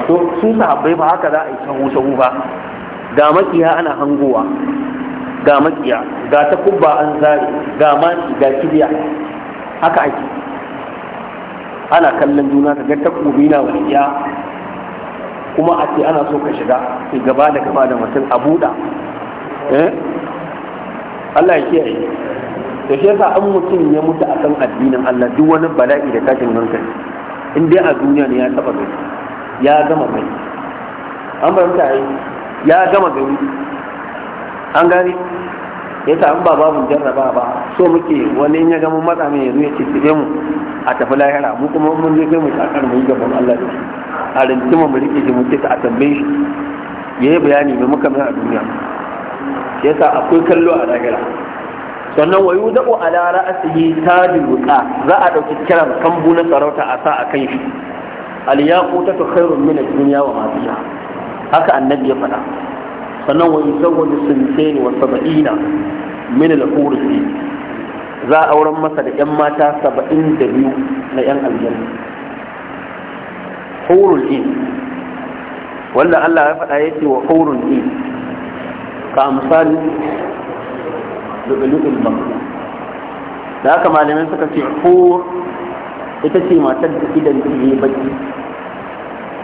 to su sahabbai ba haka za a yi sahu sahu ba ga makiya ana hangowa ga makiya ga ta kubba an zare ga maki ga kibiya haka ake ana kallon juna ka ga ta kubi na wasiya kuma a ce ana so ka shiga sai gaba da gaba da mutum a buɗa eh? Allah ya kiyaye da shi yasa an mutum ya mutu akan addinin Allah duk wani bala'i da tashin hankali in dai a duniya ne ya taba gani ya gama mai an bayyana yi ya gama gari an gani. ya ta an ba babu jarraba ba so muke wani ya gama matsa mai yanzu ya cikin mu a tafi lahira mu kuma mun je kai mu shakar mu gaban Allah da a rintima mu rike shi mu ta a tambaye shi yi bayani mai muka mai a duniya Ya yasa akwai kallo a lahira sannan wayu a lara ala ra'sihi ta dubuta za a dauki kiran kambu na sarauta a sa a kan shi al yaqutatu khairun min ad-dunya wa ma fiha haka annabi ya faɗa sannan wa yuzawwaju sintain wa sab'ina min al-hurri za a auren masa da yan mata saba'in da biyu na yan aljanna hurul in wanda Allah ya faɗa ya ce wa hurul in ka amsal lubulul makna da haka malamai suka ce hur ita ce matar da idan ta yi baki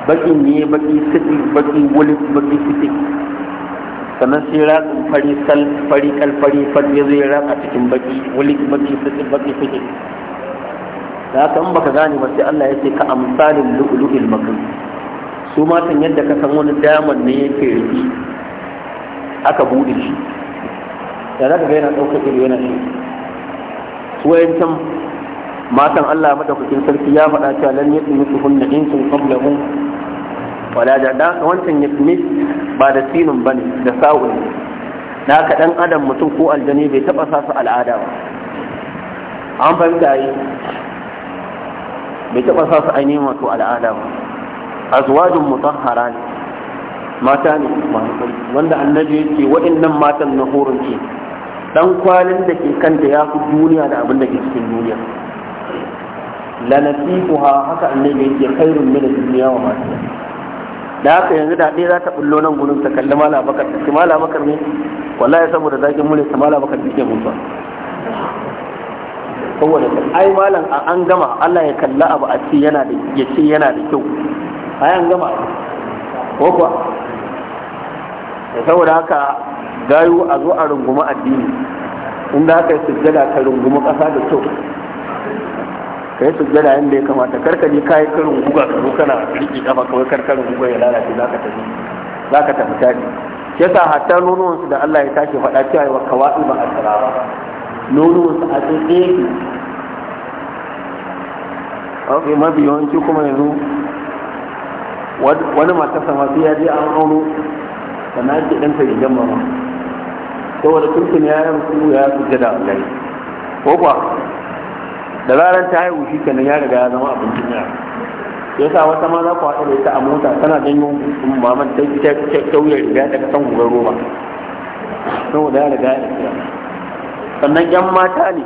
bakin ne baki siti baki wulif baki siti sannan sai ratsin fari sal fari kalfari fat ya zai ratsa cikin baki wulif baki siti baki siti da haka in baka gane ba sai Allah ya ce ka amsalin lu'lu'il makin su matan yadda ka san wani daman ne yake rufi aka bude shi da zaka ga yana ɗaukar ido yana shi su wayancan matan Allah madaukakin sarki ya faɗa cewa lan yadda musu hunna in sun qabla wala da da wancan yasmis ba da sinin ba ne da sa'u ne na ka dan adam mutum ko aljani bai taɓa sa su al'ada ba an fahimta yi bai taɓa sa su ainihin wato al'ada ba A azwajun mutahhara ne mata ne wanda annabi yake waɗannan matan na horon ce dan kwalin da ke kan da ya fi duniya da abin da ke cikin duniya lanasifuha haka annabi yake khairun min ad-dunya wa ma fiha da haka yanzu da ɗaya za ta bullo nan gurin ta kalli mala bakar ta ce mala bakar ne wallahi saboda zakin mulai ta mala bakar take mutuwa ta ai malam an gama Allah ya kalla abu a ce yana da ya ce yana da kyau ai an gama ko kuwa saboda haka gayu a zo a runguma addini inda aka yi sujjada ka runguma ƙasa da kyau ka yi sujjada yadda ya kamata karka je kayi karin guga ka kana riƙe kafa kawai karkarin guga ya lalace za ka tafi za ka tafi tafi shi yasa hatta nonuwansu da Allah ya tashi faɗa cewa wa kawa'i ba a tsara ba nonuwansu a tsaye ke ok mafi yawanci kuma yanzu wani matasa masu ya je an auno sannan ake ɗan ta rigar mama saboda tuntun ya yi musu ya sujjada a gari ko kuwa da zaran ta haihu shi kenan ya riga ya zama abincin duniya ya sa wata ma za ku haɗu da ita a mota tana janyo maman ta kyauye riga daga kan gugar roba saboda ya riga ya tsira sannan yan mata ne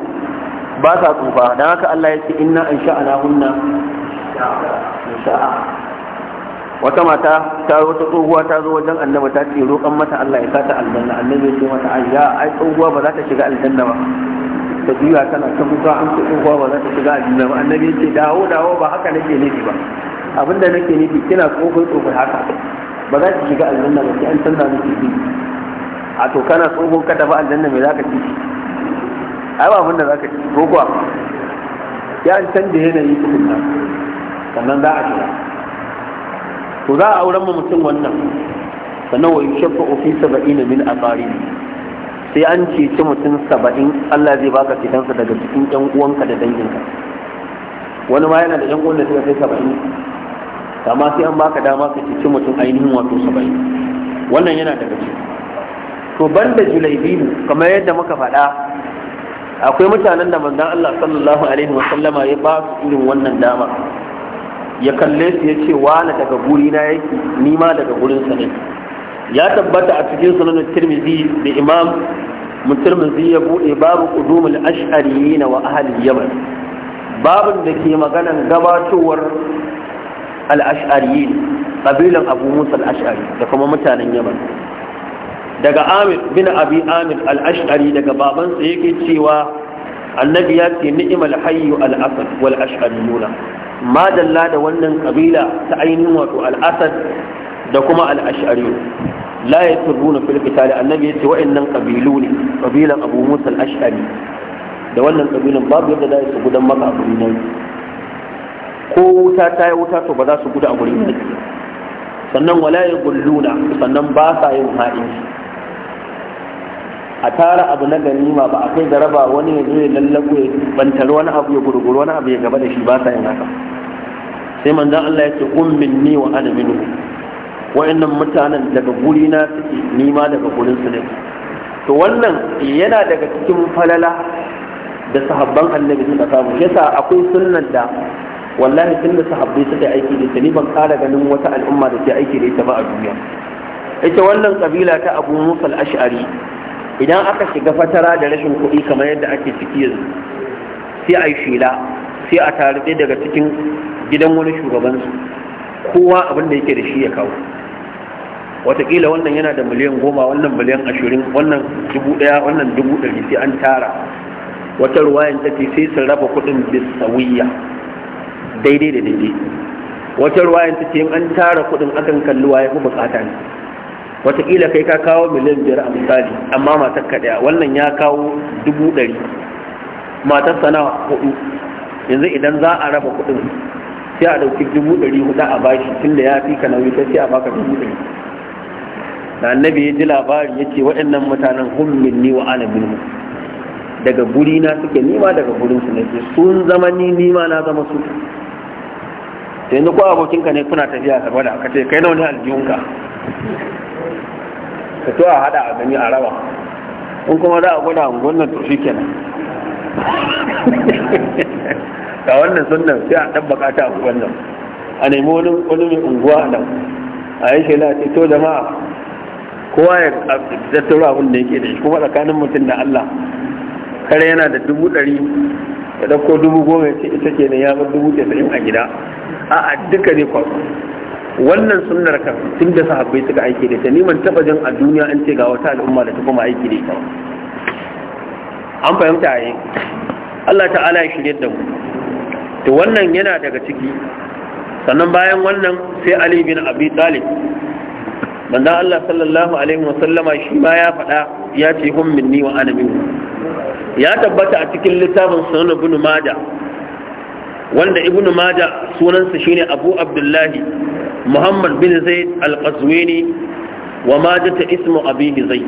ba sa tsufa don haka Allah ya ce inna an ana hunna wata mata ta wata tsohuwa ta zo wajen annaba ta ce roƙon mata Allah ya sata aljanna annabi ya ce mata ayya ai tsohuwa ba za ta shiga aljanna ba ta juya tana ta kuka an ce in ba za ta shiga aljanna ba annabi yace dawo dawo ba haka nake nufi ba abinda nake nufi kina tsofai tsofai haka ba za ki shiga aljanna ba sai an canza miki ji a to kana tsohon ka tafi aljanna me zaka ci ai ba abinda za ka ci ko kuwa ya an canza yanayi tukunna sannan za a shiga to za a auren mutum wannan sannan wa yushaffa'u fi sab'ina min aqaribi sai an ceci mutum saba'in Allah zai baka cikinsa daga cikin ƴan uwanka da danginka wani ma yana da ƴan uwan da suka kai saba'in amma sai an baka dama ka ceci mutum ainihin wato saba'in wannan yana daga ciki to julai julaibibu kamar yadda muka faɗa akwai mutanen da manzon Allah sallallahu alaihi wa sallama ya ba su irin wannan dama ya kalle su ya ce wani daga gurina yake ni ma daga gurinsa ne ya tabbata a cikin sunan tirmidhi da imam mutirmizi ya bude babu qudumul ash'ariyin wa ahli yaman babin da ke maganan gabatowar al-ash'ariyin abu musa al da kuma mutanen yaman daga amir bin abi amir al daga babansa yake cewa annabi ya ce ni'imal hayyu al-asad wal nuna, ma dalla da wannan kabila ta ainihin wato al da kuma al-ash'ari la yasruna fil qital annabi yace wa'annan qabilu ne qabilan abu musa al-ash'ari da wannan qabilan babu yadda za su gudan maka abu ne ko wuta ta yi wuta to ba za su gudu a wurin da sannan wala ya gulluna sannan ba sa yin ha'inci a tara abu na ganima ba a kai da raba wani ya zo ya ya bantar wani abu ya gurguru wani abu ya gaba da shi ba sa yin haka sai manzon Allah ya ce ummin ni wa ana minhu wayannan mutanen daga guri na suke nima daga gurin su ne to wannan yana daga cikin falala da sahabban annabi suka samu yasa akwai sunnan da wallahi tun da sahabbai suka aiki da ita ni ban kara ganin wata al'umma da ke aiki da ita ba a duniya ita wannan kabila ta abu musa ash'ari idan aka shiga fatara da rashin kuɗi kamar yadda ake ciki yanzu sai a yi shela sai a tarbe daga cikin gidan wani shugabansu kowa abin da yake da shi ya kawo watakila wannan yana da miliyan goma wannan miliyan ashirin wannan dubu ɗaya wannan dubu ɗari sai an tara wata ruwayan ta ce sai sun raba kuɗin bisawiyya daidai da daidai wata ruwayan ta ce an tara kuɗin akan kalli waye fi bukata ne watakila kai ka kawo miliyan biyar a misali amma matar ka wannan ya kawo dubu ɗari matar sana hudu yanzu idan za a raba kuɗin sai a ɗauki dubu ɗari hudu a bashi tun da ya fi ka nauyi sai a baka dubu ɗari da annabi ya ji labari ya ce waɗannan mutanen hulmin ni wa ana minhu daga guri na suke nima daga gurin su nake sun zama ni nima na zama su Sai ni ko abokinka ne kuna tafiya ka gwada ka ce kai na wani aljihunka ka to a hada a gani a rawa in kuma za a gwada a wannan to shi kenan ga wannan sunan sai a ɗan bakata a wannan a nemi wani mai unguwa nan a yi shi na ce to jama'a kowa ya tattaro abin da yake da shi kuma tsakanin mutum da Allah kare yana da dubu ɗari ya ɗauko dubu goma ce ita ke ne ya bar dubu tasa'in a gida a a duka ne kwa wannan sunnar kan tun da sahabbai suka aiki da ta neman taɓa jan a duniya an ce ga wata al'umma da ta kuma aiki da ita an fahimta a yi Allah ta'ala ya shirye da mu to wannan yana daga ciki sannan bayan wannan sai Ali bin Abi Talib manzo Allah sallallahu alaihi wa sallama shi ma ya faɗa ya ce hum minni wa ana minhu ya tabbata a cikin littafin sunan ibn maja wanda ibn maja sunansa shine abu abdullahi muhammad bin zaid al-qazwini wa majata ismu abihi zaid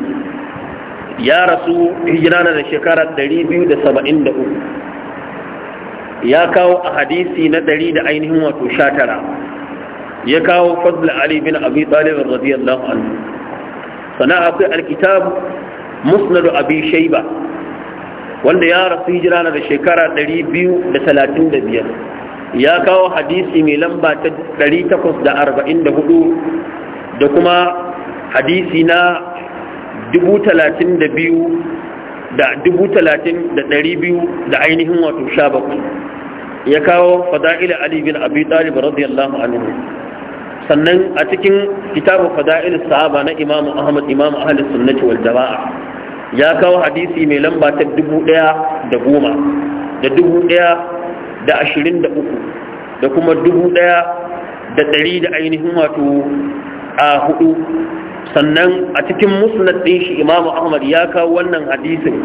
ya rasu hijira na shekara 273 ya kawo a hadisi na 100 da ainihin wato 19 ya kawo fadl ali bin abi talib radiyallahu anhu sana akwai alkitab musnad abi shayba wanda ya rasu hijira na da shekara 235 ya kawo hadisi mai lamba ta 844 da kuma hadisi na 32 da 30,200 da ainihin wato 17 ya kawo fada'ila ali bin abi talib radiyallahu anhu sannan a cikin kitabu fada'il sahaba na imam ahmad imam ahli sunnati wal jama'a ya kawo hadisi mai lamba ta dubu daya da goma da dubu daya da ashirin da uku da kuma dubu daya da dari da ainihin wato a hudu sannan a cikin musnad ɗin shi imam ahmad ya kawo wannan hadisin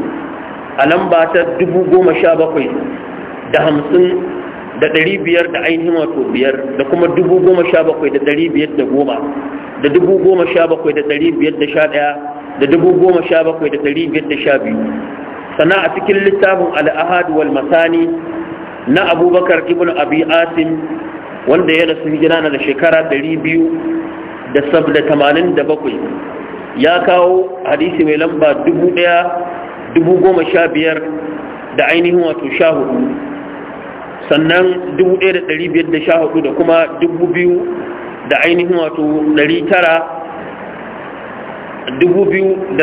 a lamba ta dubu goma sha bakwai da hamsin da ɗari biyar da ainihin wato biyar da kuma dubu goma sha bakwai da ɗari biyar da goma da dubu goma sha bakwai da ɗari biyar da sha ɗaya da dubu goma sha bakwai da ɗari biyar da sha biyu sannan a cikin littafin al'ahad wal masani na abubakar ibn abi asim wanda ya rasu hijira na da shekara ɗari biyu da sab da tamanin da bakwai ya kawo hadisi mai lamba dubu ɗaya dubu goma sha biyar da ainihin wato sha hudu sannan 1514 da kuma 2000 da ainihin wato 900 2022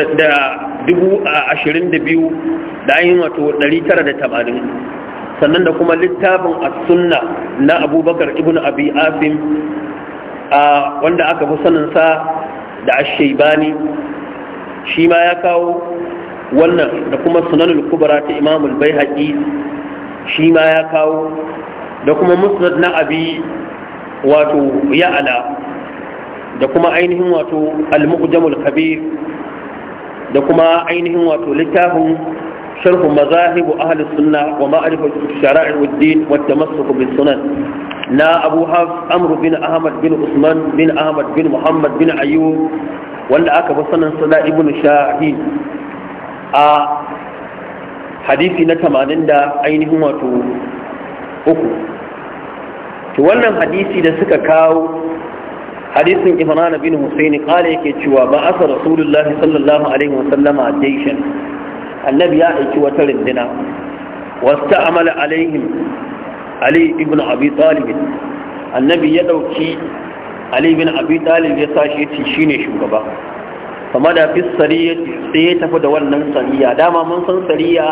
da ainihin wato 980 sannan da kuma littafin as-sunna na abubakar ibn abi asim wanda aka fi saninsa da ashaibani shi ma ya kawo wannan da kuma sunanul kubara ta imamul bai haƙi shi ma ya kawo da kuma musnad na abi wato ya'ala da kuma ainihin wato al-muqjamul kabir da kuma ainihin wato littafin sharh mazahib ahli sunna wa ma'rifat shara'i ad-din wa tamassuk bis sunan na abu hafs amr bin ahmad bin usman bin ahmad bin muhammad bin ayyub wanda aka fi sanin sada ibn shahin a hadisi na tamanin da ainihin wato uku to wannan hadisi da suka kawo hadisin imran bin husaini kala yake cewa ba asa rasulullah sallallahu alaihi wasallam a jaishan annabi ya aiki wata rindina wasta amala alaihim ali ibn abi talib annabi ya dauki ali ibn abi talib ya sashi shi shine shugaba kama da fi sariya sai ya tafi da wannan sariya dama mun san sariya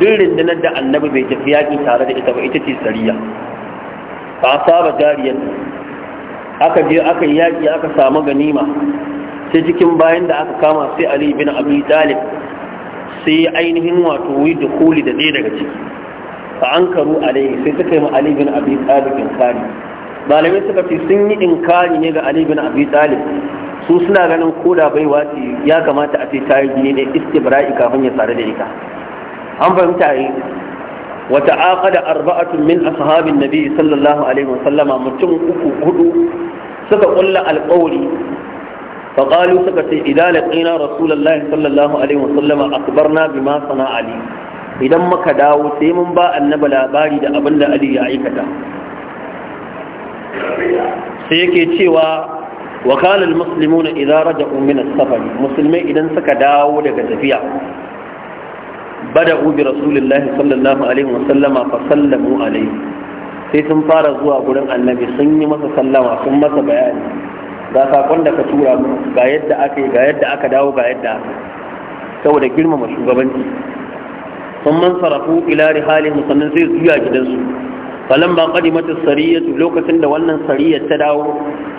duk rundunar da annabi bai tafi yaƙi tare da ita ba ita ce sariya ba saba jariyar aka je aka yi yaƙi aka samu ganima sai cikin bayan da aka kama sai ali bin abi talib sai ainihin wato wai da koli da ɗaya daga ciki fa an karu alaihi sai suka yi ma ali bin abi talib kari malamai suka ce sun yi inkari ne ga ali bin abi talib su suna ganin koda bai wace ya kamata a ce ta yi jini ne istibra'i kafin ya sare da ita an fahimta yi wata aqada arba'atun min ashabin nabi sallallahu alaihi wasallama mutum uku hudu suka kulla alƙawari فقالوا سكت إذا لقينا رسول الله صلى الله عليه وسلم أخبرنا بما idan muka dawo sai mun ba annaba labari da abin da Ali ya aikata sai yake cewa wakalar kana na idza da min as-safar musulmai idan suka dawo daga tafiya Bada ubi rasulillahi sallallahu alaihi wasallama fa sallamu alaihi sai sun fara zuwa gurin annabi sun yi masa sallama sun masa bayani ga sakon da ka tura mu ga yadda aka yi ga yadda aka dawo ga yadda aka saboda girmama shugabanci sun man sarafu ila rihalin sannan sai zuya gidansu falon ba kadi mata sariya lokacin da wannan sariya ta dawo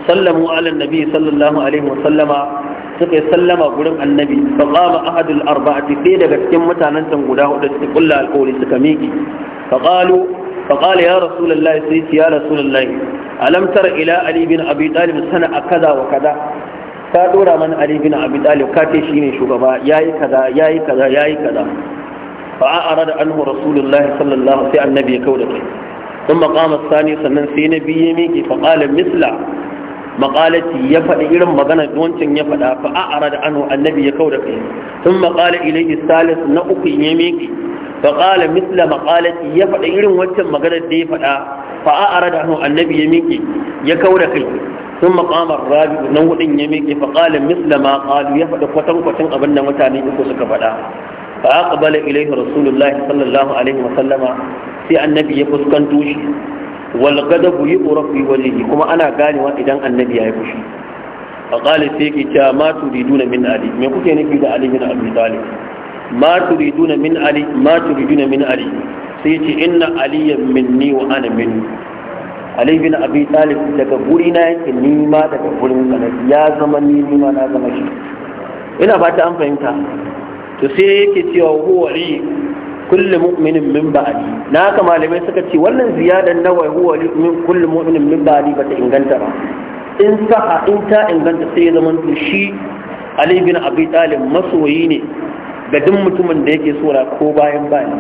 sallamu alan nabi sallallahu alaihi wa sallama suka yi sallama gurin annabi ba kama ahadul arba'ati daga cikin mutanen can guda hudu suka kulla alkawari suka miki faƙalu faƙalu ya rasulallah sai ya rasulallah alamtar ila ali bin abi talib a kaza wa kaza ta dora mana ali bin abi talib ka ce shi ne shugaba ya yi kaza ya yi kaza ya yi kaza fa a arada anhu rasulallah sallallahu alaihi wa sallam sai annabi ya kawo da kai sun maƙama sani sannan sai na biye miki faƙala misla maƙalati ya faɗi irin magana wancan ya faɗa fa a da anu annabi ya kau da kai sun maƙala ilai salis na uku ya miki faƙala misla maƙalati ya faɗi irin wancan magana da ya faɗa fa a da anu annabi ya miki ya kau da kai sun maƙamar rabi na hudun ya miki faƙala misla ma ya faɗi kwatan kwatan abin da mutane uku suka faɗa fa aqbala ilayhi rasulullahi sallallahu alaihi wasallama sai annabi ya fuskanto shi wal ghadabu yu'rafu bi kuma ana ganewa idan annabi ya yi fushi fa sai ki ta ma turiduna min ali me kuke nufi da ali bin abi talib ma turiduna min ali ma turiduna min ali sai ce inna aliyan minni wa ana minni ali bin abi talib daga guri na yake nima daga gurin ya zama ni na zama shi ina fata an fahimta to sai yake cewa huwa li kulli mu'minin min ba'di na haka malamai suka ce wannan ziyadan na wa huwa li kulli mu'minin min ba'di bata inganta ba in saha in ta inganta sai ya zama to shi Ali bin Abi Talib masoyi ne ga duk mutumin da yake sura ko bayan bayan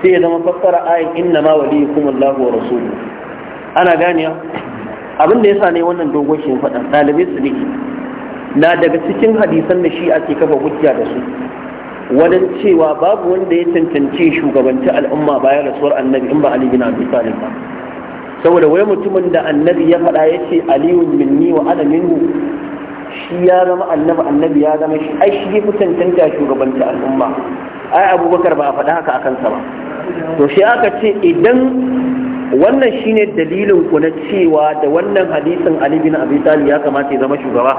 sai ya zama fassara ayin inna ma waliyukum Allah wa rasuluhu ana gani abin da yasa ne wannan dogon shi faɗa ɗalibai su ne na daga cikin hadisan da shi ake kafa hujja da su wadan cewa babu wanda ya cancanci shugabanci al'umma bayan rasuwar annabi in ba ali bin abi talib ba saboda wai mutumin da annabi ya faɗa ya ce Aliyu minni wa ana minhu shi ya zama annabi annabi ya zama shi ai shi ya fi cancanta shugabanci al'umma ai abubakar ba a faɗa haka a kansa ba to shi aka ce idan wannan shine dalilin ku na cewa da wannan hadisin ali bin abi talib ya kamata ya zama shugaba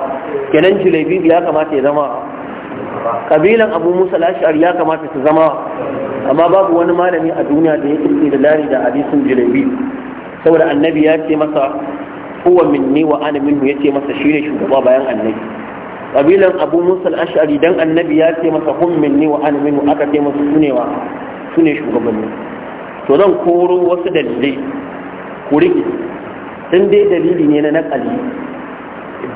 kenan jilebi ya kamata ya zama kabilan abu musa al-ash'ari ya kamata su zama amma babu wani malami a duniya da ya kirki da da hadisin jalabi saboda annabi ya ce masa huwa minni wa ana minhu ya ce masa shine shugaba bayan annabi kabilan abu musa al-ash'ari dan annabi ya ce masa hum minni wa ana minhu aka ce masa sunewa sune shugabanni to zan koro wasu dalilai ku rike dai dalili ne na nakali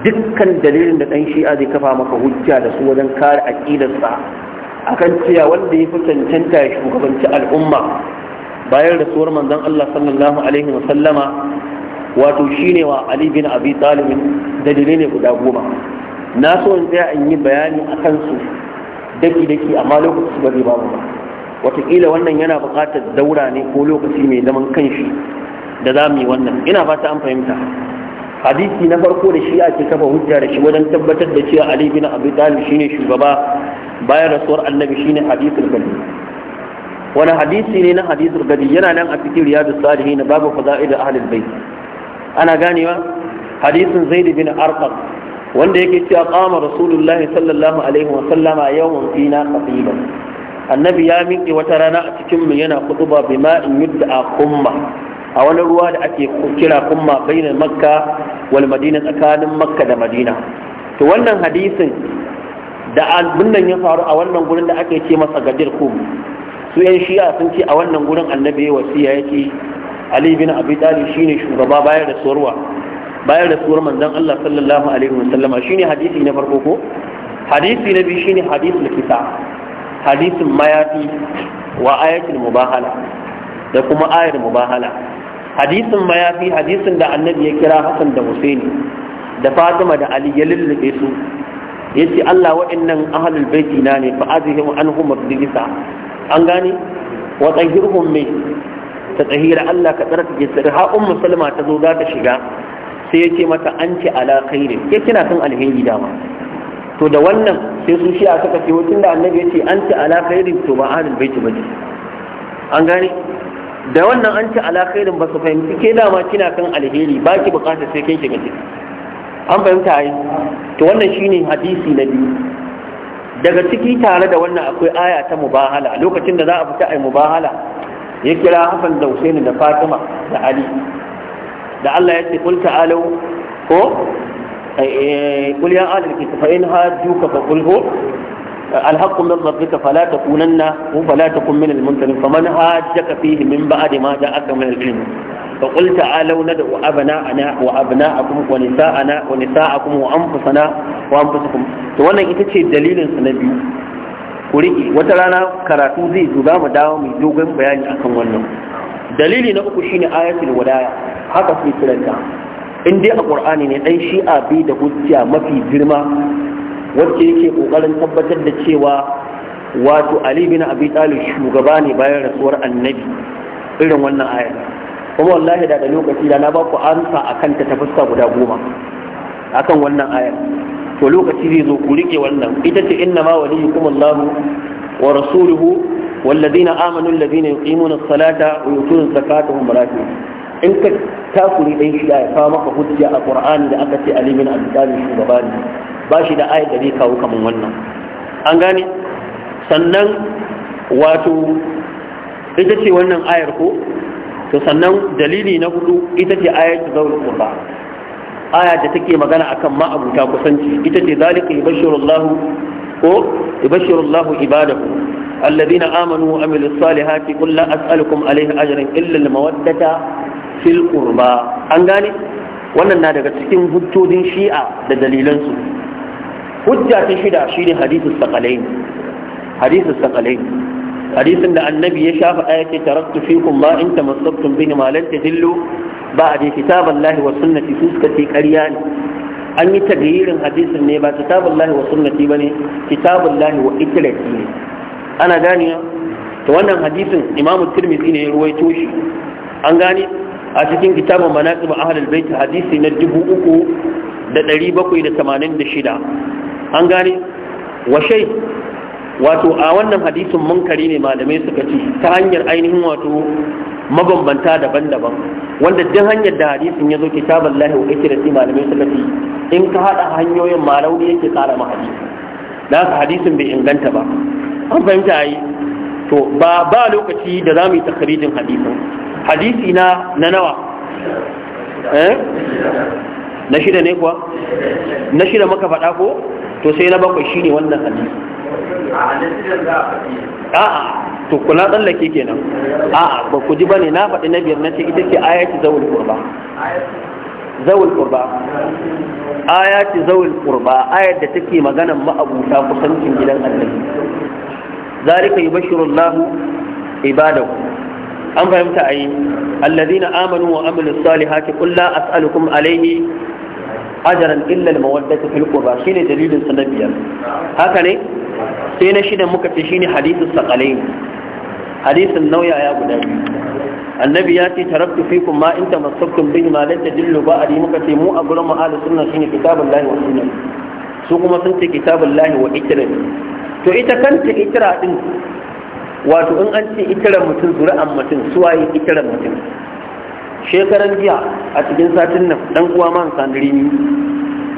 dukkan dalilin da ɗan shi'a zai kafa maka hujja da su wajen kare aƙidarsa akan cewa wanda ya fi cancanta ya shugabanci al'umma bayan rasuwar manzon Allah sallallahu alaihi wa sallama wato shine wa Ali bin Abi Talib dalilai ne guda goma na so in tsaya in yi bayani akan su daki daki amma lokaci ba zai ba mu ba wataƙila wannan yana buƙatar daura ne ko lokaci mai zaman kanshi da za mu yi wannan ina fata an fahimta hadisi na farko da shi ake kafa hujja da shi wajen tabbatar da cewa Ali bin Abi Talib shine shugaba bayan rasuwar Annabi shine hadisul gadi wani hadisi ne na hadisul gadi yana nan a cikin riyadus salihin babu fada'il ahlul bait ana ganewa hadisin Zaid bin Arqam wanda yake cewa qama rasulullah sallallahu alaihi wa sallama yawman fina qatiba annabi ya miƙe wata rana a cikin mu yana kutuba bima in yudda kumma a wani ruwa da ake kira kuma bayan makka wal madina tsakanin makka da madina to wannan hadisin da abin ya faru a wannan gurin da ake ce masa gadir kum su yan shi'a sun ce a wannan gurin annabi ya wasiya yake ali bin abi talib shine shugaba bayar da bayan Bayar da rasuwar manzon Allah sallallahu alaihi wasallama shine hadisi na farko ko hadisi na biyu shine hadisul kisa hadisin mayafi wa ayatul mubahala da kuma ayar mubahala hadisin mayafi hadisin da annabi ya kira Hassan da Husaini da Fatima da Ali ya lullube su yace Allah wa'annan ahlul baiti na ne fa azhim anhum rijsa an gane wa tsahirhum me ta tsahira, Allah ka tsarkake tsari ha ummu salma ta zo za ta shiga sai yace mata anti ala khairin ke kina san alheri dama to da wannan sai su shi'a suka ce wucin da annabi yace ci ala khairin to ba ahlul baiti ne. an gane da wannan an ci ala ba su fahimci ke dama kina kan alheri ba ki bukatar sai kai shiga ciki an fahimta ai to wannan shine hadisi na biyu daga ciki tare da wannan akwai aya ta mubahala lokacin da za a fita ai mubahala ya kira hasan da Husaini da Fatima da Ali da Allah ya ce kul ta'alu ko kul eh, eh, ya alal kitab fa in ka fa الحق من ربك فلا تكونن وفلا تكن من المنكرين فمن حاجك فيه من بعد ما جاءك من العلم فقل تعالوا ندعو أبناءنا وأبناءكم ونساءنا ونساءكم وأنفسنا وأنفسكم وانا na biyu. Ku riƙe, wata rana karatu zai zo za mu dawo mai dogon bayani akan wannan dalili na uku shine ayatul wadaya haka sai kiranta in dai a qur'ani ne dan shi'a bi da hujja mafi girma wacce yake kokarin tabbatar da cewa wato ali bin abi talib shugaba ne bayan rasuwar annabi irin wannan ayar kuma wallahi da lokaci da na ba ku amsa akan ta ta guda goma akan wannan ayar to lokaci zai zo ku rike wannan ita ce inna ma waliyukum Allah wa rasuluhu والذين آمنوا الذين يقيمون الصلاة ويؤتون الزكاة هم راكعون in ka takuri ɗan shida ya kawo maka hujja a qur'ani da aka ce alimin abdalin shugaba ne ba shi da ayat da zai kawo kaman wannan an gane sannan wato ita ce wannan ayar ko to sannan dalili na hudu ita ce ayat zaul qurba aya da take magana akan ma ma'abuta kusanci ita ce zalika yubashshirullahu ko yubashshirullahu ibadahu الذين آمنوا وعملوا الصالحات قل لا أسألكم عليه أجرا إلا المودة fil qurba an gane wannan na daga cikin hujjojin shi'a da dalilansu hujja ta shida shine hadithu saqalain hadithu saqalain hadisin da annabi ya shafa ayati taraktu fikum ma in tamassaktum bihi ba a tadillu ba'di kitaballahi wa sunnati su suka ce ƙarya ne an yi tagayirin hadisin ne ba kitaballahi wa sunnati ba ne, bane kitaballahi wa ikrati ne ana gane Ta wannan hadisin imamu tirmidhi ne ya ruwaito shi an gane a cikin kitabun manaqib ahlul bait hadisi na 3786 an gane wa shay wato a wannan hadisin munkari ne malamai suka ci ta hanyar ainihin wato mabambanta daban-daban wanda duk hanyar da hadisin ya zo kitabun lahi wa ikirati malamai suka ci in ka haɗa hanyoyin malauni yake tsara mahadi, hadisi da hadisin bai inganta ba an fahimta yi to ba ba lokaci da za mu yi takharijin hadisin hadisi na na nawa eh na shida ne kuwa na shida maka faɗa ko to sai na bakwai shine wannan hadisi a'a to kula tsallake kenan a'a ba ku ji bane na faɗi na biyar na ce ita ce ayati zawul qurba zawul qurba ayati zawul qurba ayat da take magana ma'abuta kusancin gidan annabi zalika yubashshiru Allahu ibadahu an fahimta ayi alladhina amanu wa amilu salihati qul la as'alukum alayhi ajran illa al-mawaddata fil qurba shine dalilin sanabiyar haka ne sai na shida muka ce shine hadithus saqalain hadisin nauyaya guda biyu annabi ya ce taraktu fikum ma in tamassaktum bihi ma lan tadillu ba ali muka ce mu a gurin mu ahlus sunna shine su kuma sun ce kitabun lahi wa ikirin to ita kanta ikira din wato in an ce ikiran mutum zuri'an mutum suwaye ikiran mutum shekaran jiya a cikin satin nan dan uwa man sandirini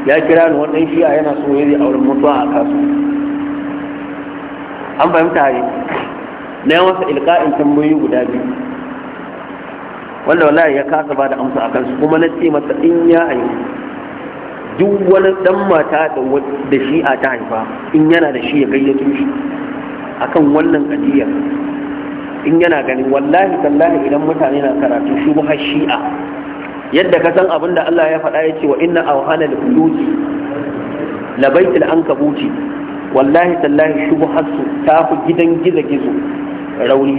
ya kira ni wannan shi'a yana so ya zai auren mutuwa a kasu an fahimta ne na yi masa ilka'in tambayoyi guda biyu wanda wallahi ya kasa ba da amsa a kansu kuma na ce masa in ya aiki duk wani dan mata da shi'a ta haifa in yana da shi ya gayyato shi akan wannan kadiyar in yana gani, wallahi tallahi idan mutane na karatu shi ba shi'a yadda ka san abin da Allah ya faɗa ya ce wa inna awhana al-buyuti la baitul ankabuti wallahi tallahi shubhatsu ta fi gidan gizo gizo rauni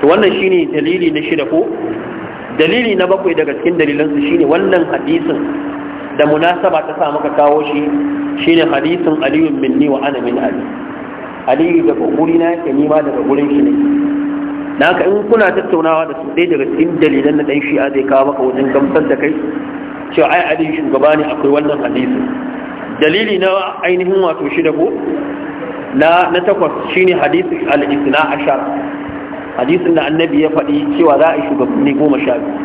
to wannan shine dalili na shida ko dalili na bakwai daga cikin dalilan su shine wannan hadisin da munasaba ta sa muka kawo shi shine hadisin aliyu minni wa ana min ali aliyu daga guri na yake nima daga gurin shi ne Na haka in kuna tattaunawa da su dai daga cikin dalilan na dan shi'a zai kawo maka wajen gamsar da kai cewa ai aliyu shugaba ne akwai wannan hadisin dalili na ainihin wato shida ko na na takwas shine hadisi al-isna ashar hadisin da annabi ya faɗi cewa za a yi shugabanni goma sha biyu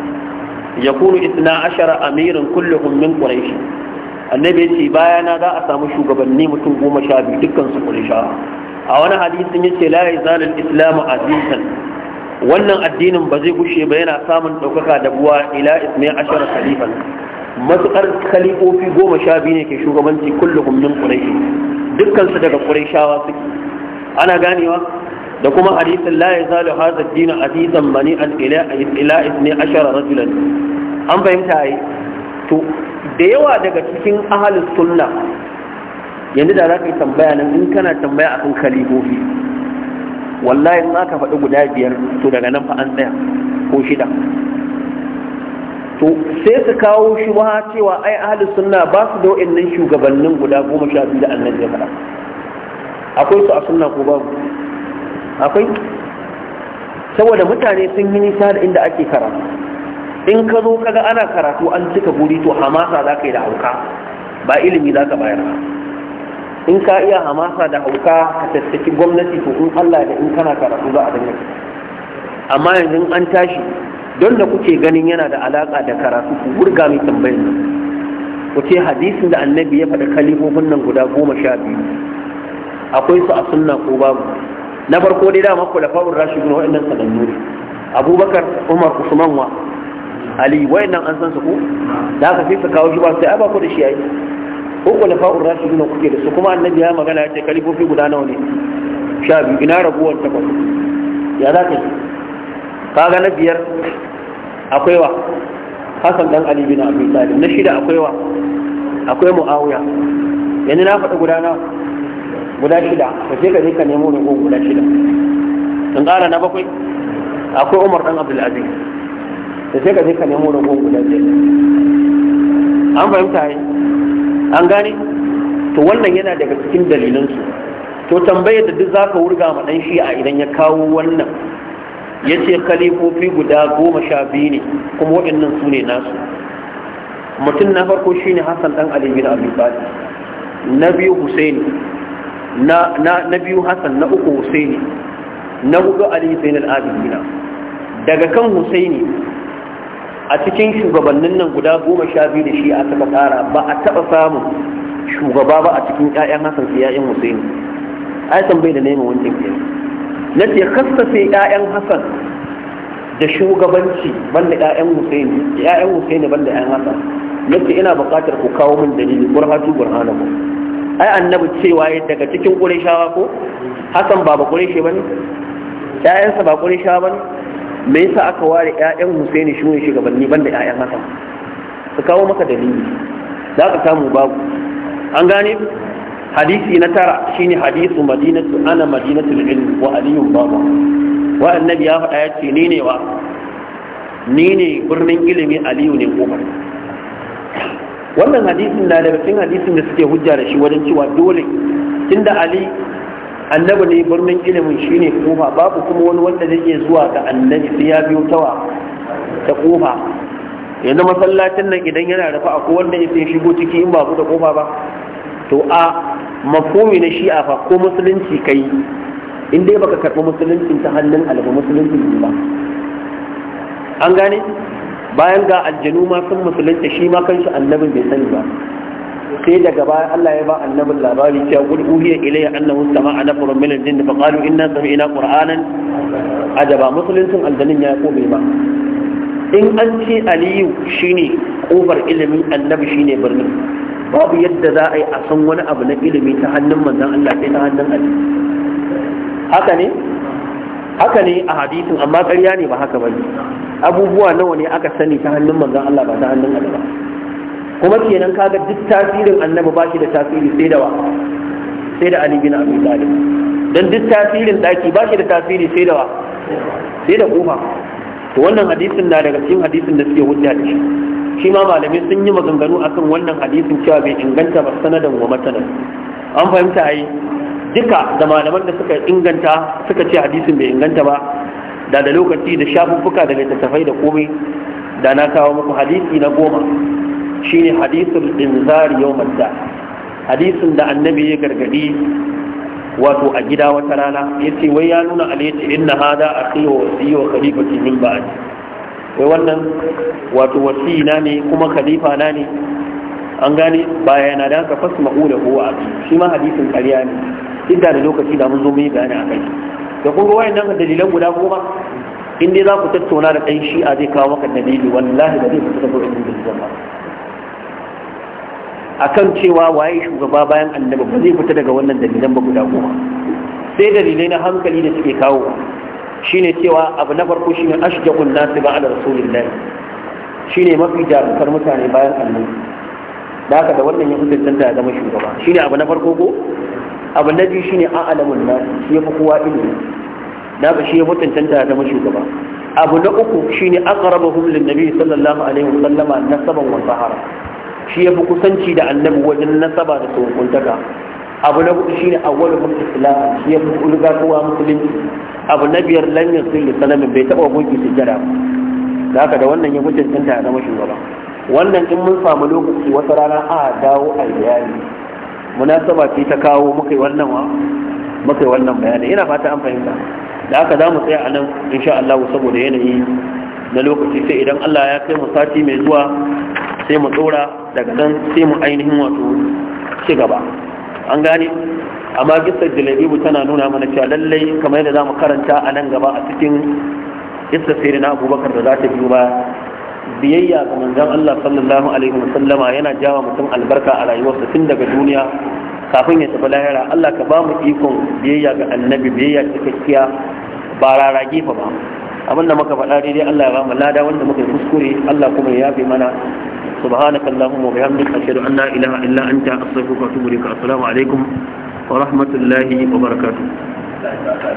yakunu isna ashara amirin kulluhum min quraish annabi Baya na za a samu shugabanni mutum goma sha biyu dukkan su quraisha a wani hadisin ce layi yazalul islamu azizan wannan addinin ba zai gushe ba yana samun ɗaukaka da buwa ila ismi ashara khalifan matukar khalifofi goma sha biyu ne ke shugabanci kulluhum min quraish dukkan su daga quraishawa suke ana ganewa da kuma hadisin la yazalu hadha hada din hadisan an ila ila ibn ashara rajulan an fahimta ai to da yawa daga cikin ahlus sunna yanzu da za ka yi tambaya nan in kana tambaya akan kalibofi wallahi in aka faɗi guda biyar to daga nan fa an tsaya ko shida to sai su kawo shi ba cewa ai ahlus sunna ba su da wa'annan shugabannin guda goma sha biyu da annabi ya faɗa akwai su a sunna ko babu akwai saboda mutane sun yi nisa da inda ake karatu in ka zo kaga ana karatu an cika guri to hamasa za ka yi da hauka ba ilimi za ka bayar in ka iya hamasa da hauka ka tattaki gwamnati to in allah da in kana karatu za a dinga amma yanzu an tashi don da kuke ganin yana da alaka da karatu ku wurga mai tambayar ku ce hadisin da annabi ya faɗa kalifofin nan guda goma sha biyu akwai su a sunna ko babu na farko dai dama kulafa'ur rashidun wa'annan sanannu ne abubakar umar usman wa ali wa'annan an san su ko da aka fi su kawo shi ba sai ai ba ku da shi ai ko kulafa'ur rashidun kuke da su kuma annabi ya magana ya ce kalifofi guda nawa ne sha biyu ina rabuwar takwas ya za ka yi kaga na biyar akwai wa hasan dan ali bin abi talib na shida akwai wa akwai muawiya yanzu na faɗi guda nawa guda shida ka je ka je ka nemo rago guda shida in ƙara na bakwai akwai umar ɗan abdulaziz da sai ka je ka nemo rago guda shida an fahimta yi an gane to wannan yana daga cikin su to tambayar da duk za ka wurga ma shi a idan ya kawo wannan ya ce kalifofi guda goma sha biyu ne kuma waɗannan su ne nasu mutum na farko shine hassan ɗan ali bin abi na biyu Hussaini. na na biyu Hassan na uku Husaini na hudu Ali bin al-Abidina daga kan Husaini a cikin shugabannin nan guda goma sha biyu da shi a saka tsara ba a taɓa samun shugaba ba a cikin ƴaƴan Hassan su ƴaƴan Husaini ai bai da neman wancan kenan na ce kasafe ƴaƴan Hassan da shugabanci banda ƴaƴan Husaini ƴaƴan Husaini banda ƴaƴan Hassan ce ina buƙatar ku kawo min dalili burhatu burhanakum ai annabi cewa ya daga cikin ƙurishawa ko hasan ba ba ƙurishe ba ne ƴaƴansa ba ƙurishawa ba ne me yasa aka ware ƴaƴan husaini shi ne shugabanni banda ƴaƴan hasan su kawo maka dalili za ka samu babu an gane hadisi na tara shine hadisu madinatu ana madinatul ilm wa aliyun babu wa annabi ya faɗa ya ce ni ne wa ni ne birnin ilimi aliyu ne kofar wannan hadisin na daga cikin hadisin da suke hujja da shi wajen cewa dole tunda ali annabi ne birnin ilimin shine kofa babu kuma wani wanda zai iya zuwa ga annabi sai ya biyo tawa ta kofa yanzu masallacin nan idan yana rafa a wanda ya sai shigo ciki in babu da kofa ba to a mafhumi na shi'a fa ko musulunci kai in dai baka karɓi musulunci ta hannun alba musulunci ba an gane bayan ga aljanu ma sun musulunta shi ma kanshi annabin bai sani ba sai daga baya Allah ya ba annabin labari cewa qul uhiya ilayya annahu sama'a nafarun min al-jinn fa qalu inna sami'na qur'anan ajaba musuluncin aljanin ya kome ba in an ce aliyu shine kofar ilimin annabi shine birnin babu yadda za a yi a san wani abu na ilimi ta hannun manzon Allah sai ta hannun Ali haka ne haka ne a hadisin amma ƙarya ne ba haka bane abubuwa nawa ne aka sani ta hannun manzan Allah ba ta hannun Allah ba kuma kenan kaga duk tasirin annabi ba shi da tasiri sai da wa sai da Ali bin Abi Talib dan duk tasirin daki ba shi da tasiri sai da wa sai da kofa to wannan hadisin na daga cikin hadisin da suke hujja da shi shi ma malamai sun yi maganganu akan wannan hadisin cewa bai inganta ba sanadan wa matanan an fahimta ai duka da malaman da suka inganta suka ce hadisin bai inganta ba da da lokaci da shafuffuka da littattafai da komai da na kawo muku hadisi na goma shine ɗin inzari yau da hadisin da annabi ya gargadi wato a gida wata rana ya ce wai ya nuna alaiti inna hada kai wa wasi wa ke min ba'di wai wannan wato wasi na ne kuma khalifa na ne an gane bayana da ka fasma a huwa shi ma hadisin karya ne duk da lokaci da mun zo mu yi bayani kai da kuma nan dalilan guda goma in dai za ku tattauna da ɗan shi'a zai kawo maka dalili wallahi ba zai fita da gurin dalilan ba kan cewa waye shugaba bayan annabi ba zai fita daga wannan dalilan ba guda goma sai dalilai na hankali da suke kawo shine cewa abu na farko shine ashjaqun nasi ba'da rasulillahi shine mafi jarumtar mutane bayan annabi da haka da wannan ya fi cancanta ya zama shugaba Shi ne abu na farko ko abu na biyu shine a'lamun nas shi yafi kowa ilimi da haka shi ya fi cancanta zama shugaba abu na uku shi shine aqrabuhum lin nabi sallallahu alaihi wasallama nasaban wa sahara shi yafi kusanci da annabi wajen nasaba da tsohuntaka abu na hudu shine awwaluhum islam shi yafi ulga kowa musulunci abu na biyar lan yasil sanamin bai taba gunki sujjada da haka da wannan ya fi cancanta ya zama shugaba wannan in mun samu lokaci wata rana a dawo a bayani munasaba ce ta kawo muka yi wannan wa muka yi wannan bayani ina fata an fahimta da aka za mu tsaya a nan insha Allah saboda yanayi na lokaci sai idan Allah ya kai mu sati mai zuwa sai mu tsora daga nan sai mu ainihin wato ci gaba an gane amma gisar jalabibu tana nuna mana cewa lallai kamar yadda za mu karanta a nan gaba a cikin gisar sai na abubakar da za ta biyu ba biyayya ga manzon Allah sallallahu alaihi wasallama yana jawa mutum albarka a rayuwarsa tun daga duniya kafin ya tafi lahira Allah ka ba mu ikon biyayya ga annabi biyayya cikakkiya ba rara fa ba abin da muka faɗa daidai Allah ya ba mu lada wanda muka kuskure Allah kuma ya yafe mana subhanaka allahumma wa bihamdika ashhadu an la ilaha illa anta astaghfiruka wa atubu ilaik assalamu wa wa